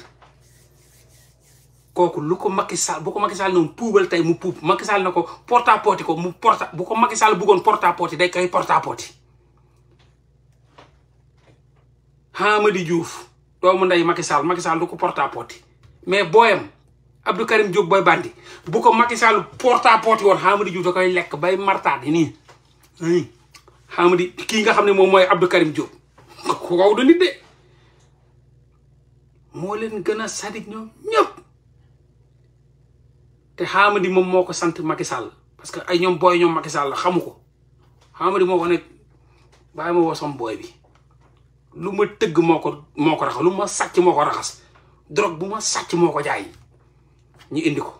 koku lu ko Macky Sall bu ko Macky Sall non poubel tay mu puub Macky Sall nako porta porte ko mu porta bu ko Macky Sall bëggoon porte porta porte day kay porta porte Hamadi Diouf doomu nday Macky Sall Macky Sall ko porte porte mais boyam Abdou Karim Diop boy bandi bu ko Macky Sall porta porte Hamadi Diouf da koy lek bay martade ni xam di kii nga xam ne moom mooy Abdou Karim Diop kooku du nit de moo leen gën a sadik ñoom ñëpp te xamadi moom moo ko sant Macky parce que ay ñoom booy ñoom Macky la xamu ko xamadi moo ko ne bàyyi ma woo booy bi lu ma tëgg moo ko moo ko raxas lu ma sacc moo ko raxas drogue bu ma sàcc moo ko jaay ñu indi ko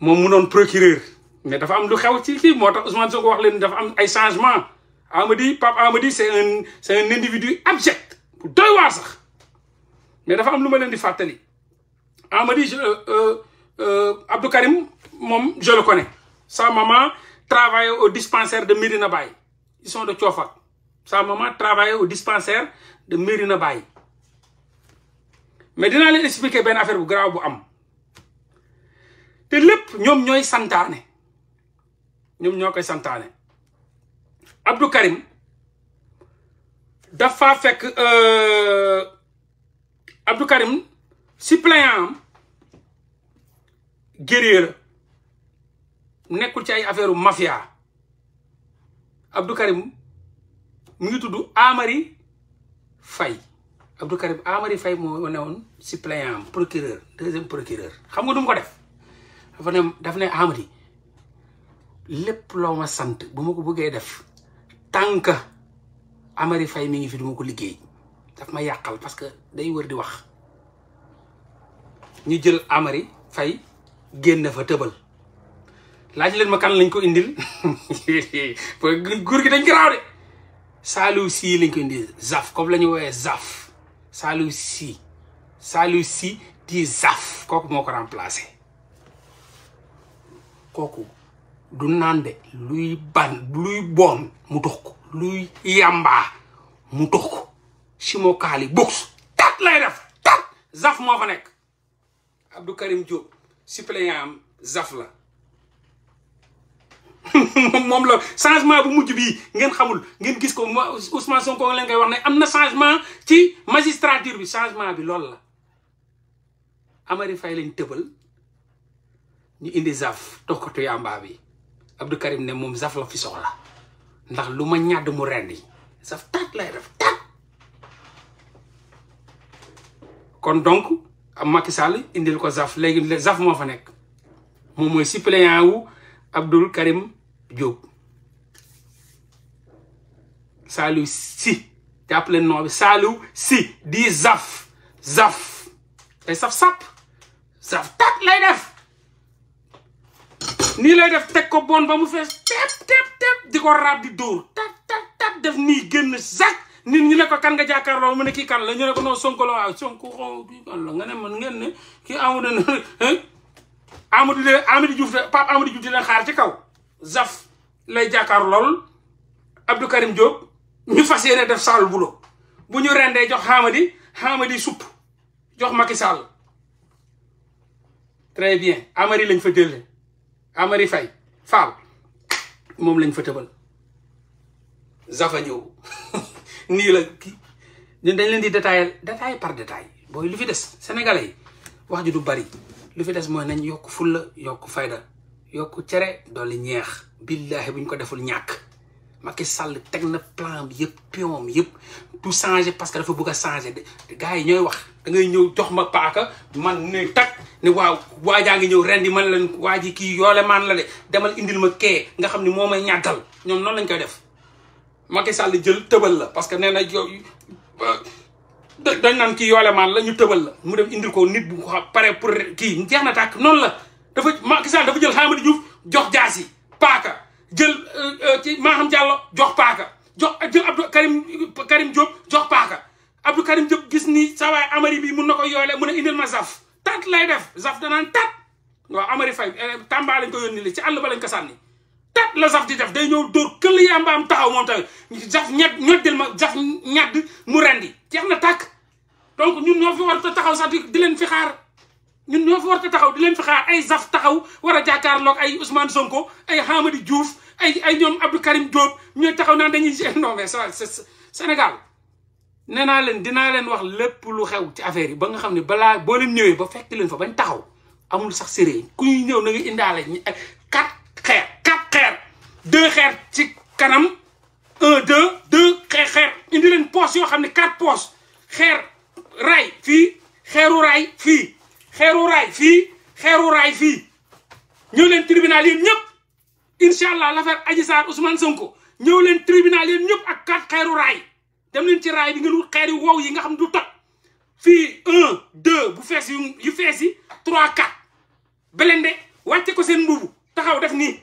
moom mu doon procureur mais dafa am lu xew ci kii moo Ousmane Sonko wax len dafa am ay changement Amady Pape c'est un c'est un individu abject pour doy war sax mais dafa am luma len di di fàttali Amady je euh, euh, euh, Abdou Karim je le connais sa maman travaillait au dispensaire de Medina Baye ils sont de Thiofat sa maman travaillait au dispensaire de Medina Baye mais dina leen expliquer ben affaire bu grave bu am té lepp ñom ñoy santaane ñoom ñoo koy santaane Abdou Karim dafa fekk euh, Abdou Karim suppléant guerrier la ci ay affaire mafia Abdou Karim mu ngi tudd Amary Faye Abdou Karim Amary Faye moo ne suppléant procureur deuxième procureur xam nga du mu ko def dafa ne dafa ne Amary lépp loo ma sant bu ma ko bëggee def tànk Amary fay mi ngi fi du ma ko liggéey daf ma yàqal parce que day wër di wax ñu jël amari fay génn fa tëbal laaj leen ma kan lañ ko indil góor (laughs) gi dañ garaaw de Saliou Sy lañ ko indil zaf comme la ñu woowee zaf Saliou Sy Saliou di zaf kooku moo ko remplacé kooku du naan luy ban luy boon mu dox ko luy yamba mu dox ko kali box tat lay def tat zaf mo fa nek Abdou Karim Diop suppléant zaf la (laughs) mom la changement bu mujj bi ngeen xamul ngeen gis ko Ousmane Sonko leen koy wax ne amna changement ci magistrature bi changement bi loolu la amari fay lañ teubal ñu indi zaf doxkatu yamba bi Abdou Karim ne moom Zaf la fi soxla ndax lu ma ñàdd mu rendi Zaf taat lay def taat kon donc Macky Sall indil ko Zaf léegi Zaf moo fa nekk moom mooy suppléant wu Abdou Karim Diop Saliou si jàppale noo bi Saliou si di Zaf Zaf day saf lay def nii lay def teg ko bon ba mu fees tep tep tep di ko raab di dóor tap tap tap def nii génn sax nit ñi ne kan nga jàkkaarloo mu ne kii kan la ñu ne ko non Sonko la waaw Sonko xaw oh, kii nga ne man ngeen ne kii Amadou ne Amadou de Amadou Diouf de Pape Amadou Diouf leen xaar ci kaw zaf lay jàkkaar lool Abdou Karim Diop ñu fas yéene def sale boulot bu ñu rendee jox Hamadi Hamadi supp jox Macky Sall très bien Amari lañ fa jëlee Amari Fay Fall mom lañ fa tebal Zafa ñëw (laughs) nii la ki ñu dañ leen di détail détail par détail boy lu fi dess sénégalais wax ju du bari lu fi dess moy nañ ful la yok fayda ciéré do li ñeex billahi buñ ko deful ñak Macky Sall plan bi yep pion yep tout changer parce que dafa bugg a changer gars yi ñooy wax da ngay ñëw jox ma paaka man ne takk ne waaw waajaa ngi ñëw ren di man la waa ji kii yoole maan la de demal indil ma kee nga xam ne moo may ñàggal ñoom noonu lañ koy def Macky Sall jël tëbal la parce que nee na yow dañ naan kii yoole maan la ñu tëbal la mu dem indil ko nit bu pare pour kii jeex na tàkk noonu la dafa Macky Sall dafa jël Hamady Diouf jox jaasi paaka jël euh, euh, ci Maham Diallo jox paaka jox jël Abdou Karim Karim Diop jox paaka Abdou Karim Diop gis ni saa waay Amari bi mun na ko yoole mun a indil ma zaf tat lay def zaf danaan tat waaw Amari Faye eh, Tamba lañ ko yónni li ci àll ba lañ ko sànni tat la zaf di def day ñëw dóor këll yàmbaam taxaw moom tamit zaf ñett ñoddil ma zaf ñadd mu rendi jeex na takk donc ñun ñoo fi war a taxaw sax di leen fi xaar ñun ñoo fi war a taxaw di leen fi xaar ay zaf taxaw war a jàkkaarloog ay Ousmane Sonko ay Hamadi Diouf ay ay ñoom Abdou Karim Diop ñooy taxaw naan dañuy gérer non mais Sénégal nee naa leen dinaa leen wax lépp lu xew ci affaire yi ba nga xam ne balaa boo leen ñëwee ba fekk leen fa bañ taxaw amul sax séeréer ku ñuy ñëw na nga indaale ñu ay quatre xeer quatre xeer deux xeer ci kanam un deux deux xeer xeer indi leen poche yoo xam ne quatre poche xeer ray fii xeeru ray fii xeeru ray fii xeeru ray fii ñëw leen tirbinal yi ñëpp. incha allah l'affaire Adji Sarr Ousmane Sonko ñëw leen tribunal yéen ñëpp ak quatre xeeru raay dem leen ci raay bi ngeen wut xeer wow yi nga xam du toj fii un deux bu fees yu yu fees yi trois quatre beleen de wàcce ko seen mbubu taxaw def nii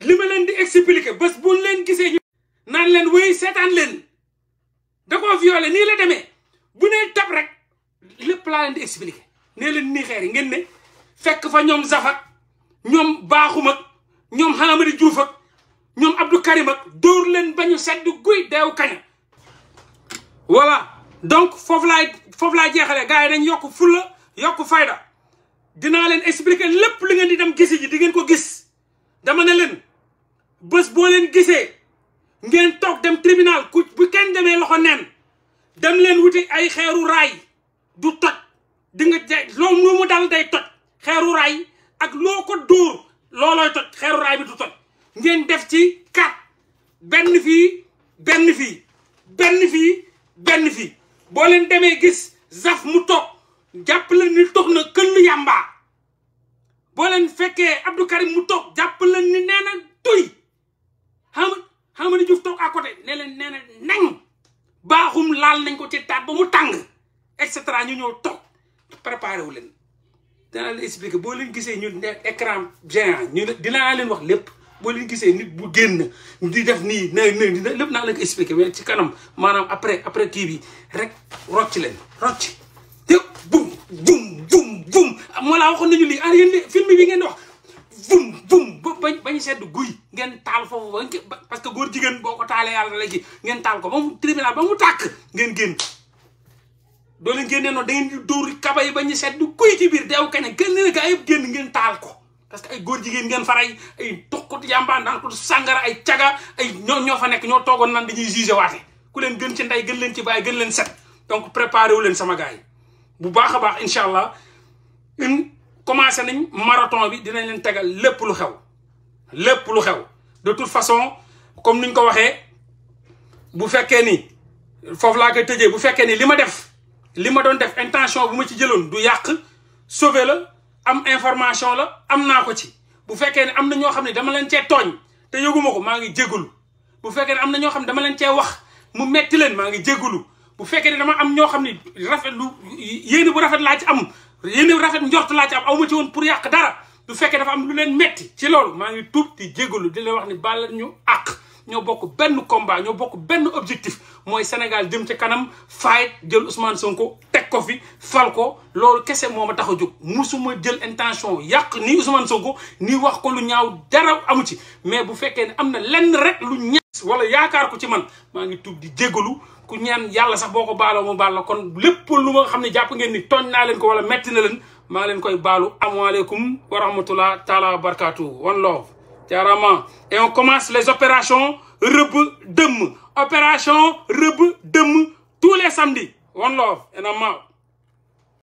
lima leen di expliquer bés bu leen gisee ñu naan leen wéy seetaan leen da koo violé nii la demee bu nee tab rek lépp laa leen di expliquer nee leen nii xeer yi ngeen ne fekk fa ñoom zafak ñoom baaxum ñoom Hamadi Diouf ak ñoom Abdou Karim ak leen bañu sedd guy deew kaña voilà donc foofu laay foofu laay jeexale gars yi dañ yokk fulla yokk fayda dinaa leen expliquer lépp li ngeen di dem gisi ji di ngeen ko gis dama ne leen bés boo leen gisee ngeen toog dem tribunal ku bu kenn demee loxo neen dem leen wuti ay xeeru raay du toj di nga je loolu mu dal day toj xeeru raay ak loo ko dóor loolooy toj xeeru bi du toj ngeen def ci quatre benn fii benn fii benn fii benn fii boo leen demee gis zaf mu toog jàpp leen ni toog na këll yàmbaa boo leen fekkee Abdou Karim mu toog jàpp leen ni nee na tuy xam xam ni Diouf toog à côté ne leen nee na nañ baaxum laal nañ ko ci taat ba mu tàng et cetera ñu ñëw toog préparé wu leen danaa la boo leen gisee ñu ne écran géant ñu dinaa leen wax lépp boo leen gisee nit bu génn di def nii na na lépp naa leen ko expliquer mais ci kanam maanaam après après kii bi rek rocc leen rocc te bum bum bum bum moo laa waxoon nañu lii ah yéen film bi ngeen wax bum bum ba bañ sedd guy ngeen taal foofu ba parce que góor jigéen boo ko taalee yàlla la ci ngeen taal ko ba mu tribunal ba mu tàkk ngeen génn doo leen génnee noonu da ngeen di dóor kaba yi ba ñu seet du kuy ci biir deew kañ gën leen gaa yëpp génn ngeen taal ko parce que ay góor jigéen ngeen faray ay tokkut yàmbaan naan ay caga ay ñoo ñoo fa nekk ñoo toogoon naan dañuy jugé waate ku leen gën ci ndey gën leen ci bàyyi gën leen set donc préparé leen sama gars bu baax a baax incha allah in commencé nañ marathon bi dinañ leen tegal lépp lu xew lépp lu xew de toute façon comme niñ ko waxee bu fekkee ni foofu laa koy tëjee bu fekkee ni li ma def li ma doon def intention bu ma ci jëloon du yàq sauver la am information la am naa ko ci bu fekkee ne am na ñoo xam ne dama leen cee tooñ te yëguma ko maa ngi jégalu bu fekkee ne am na ñoo xam ne dama leen cee wax mu metti leen maa ngi jégalu bu fekkee ne dama am ñoo xam ne rafet lu yéene bu rafet laa ci am yéene bu rafet njort laa ci am awma ci woon pour yàq dara bu fekkee dafa am lu leen metti ci loolu maa ngi tuub di jégalu di leen wax ni bàll ñu àq ñoo bokk benn combat ñoo bokk benn objectif moy Sénégal Dim ci kanam fight djel Ousmane Sonko tek ko fi fal ko loolu kese musuma djel intention Yak ni Ousmane Sonko ni wax ko lu ñaaw dara amu ci mais bu fekké ne am lenn rek lu wala yaakar ko ci man di djégelu ku ñaan yalla sax boko ko baaloo mu balo kon lepp lu ma xam ni togn na ko wala metti na ma ngi leen koy wa rahmatullah taala wa one love jaarama et on commence les opérations rub dëmm opération rëbb dëmm tous les samedis one love and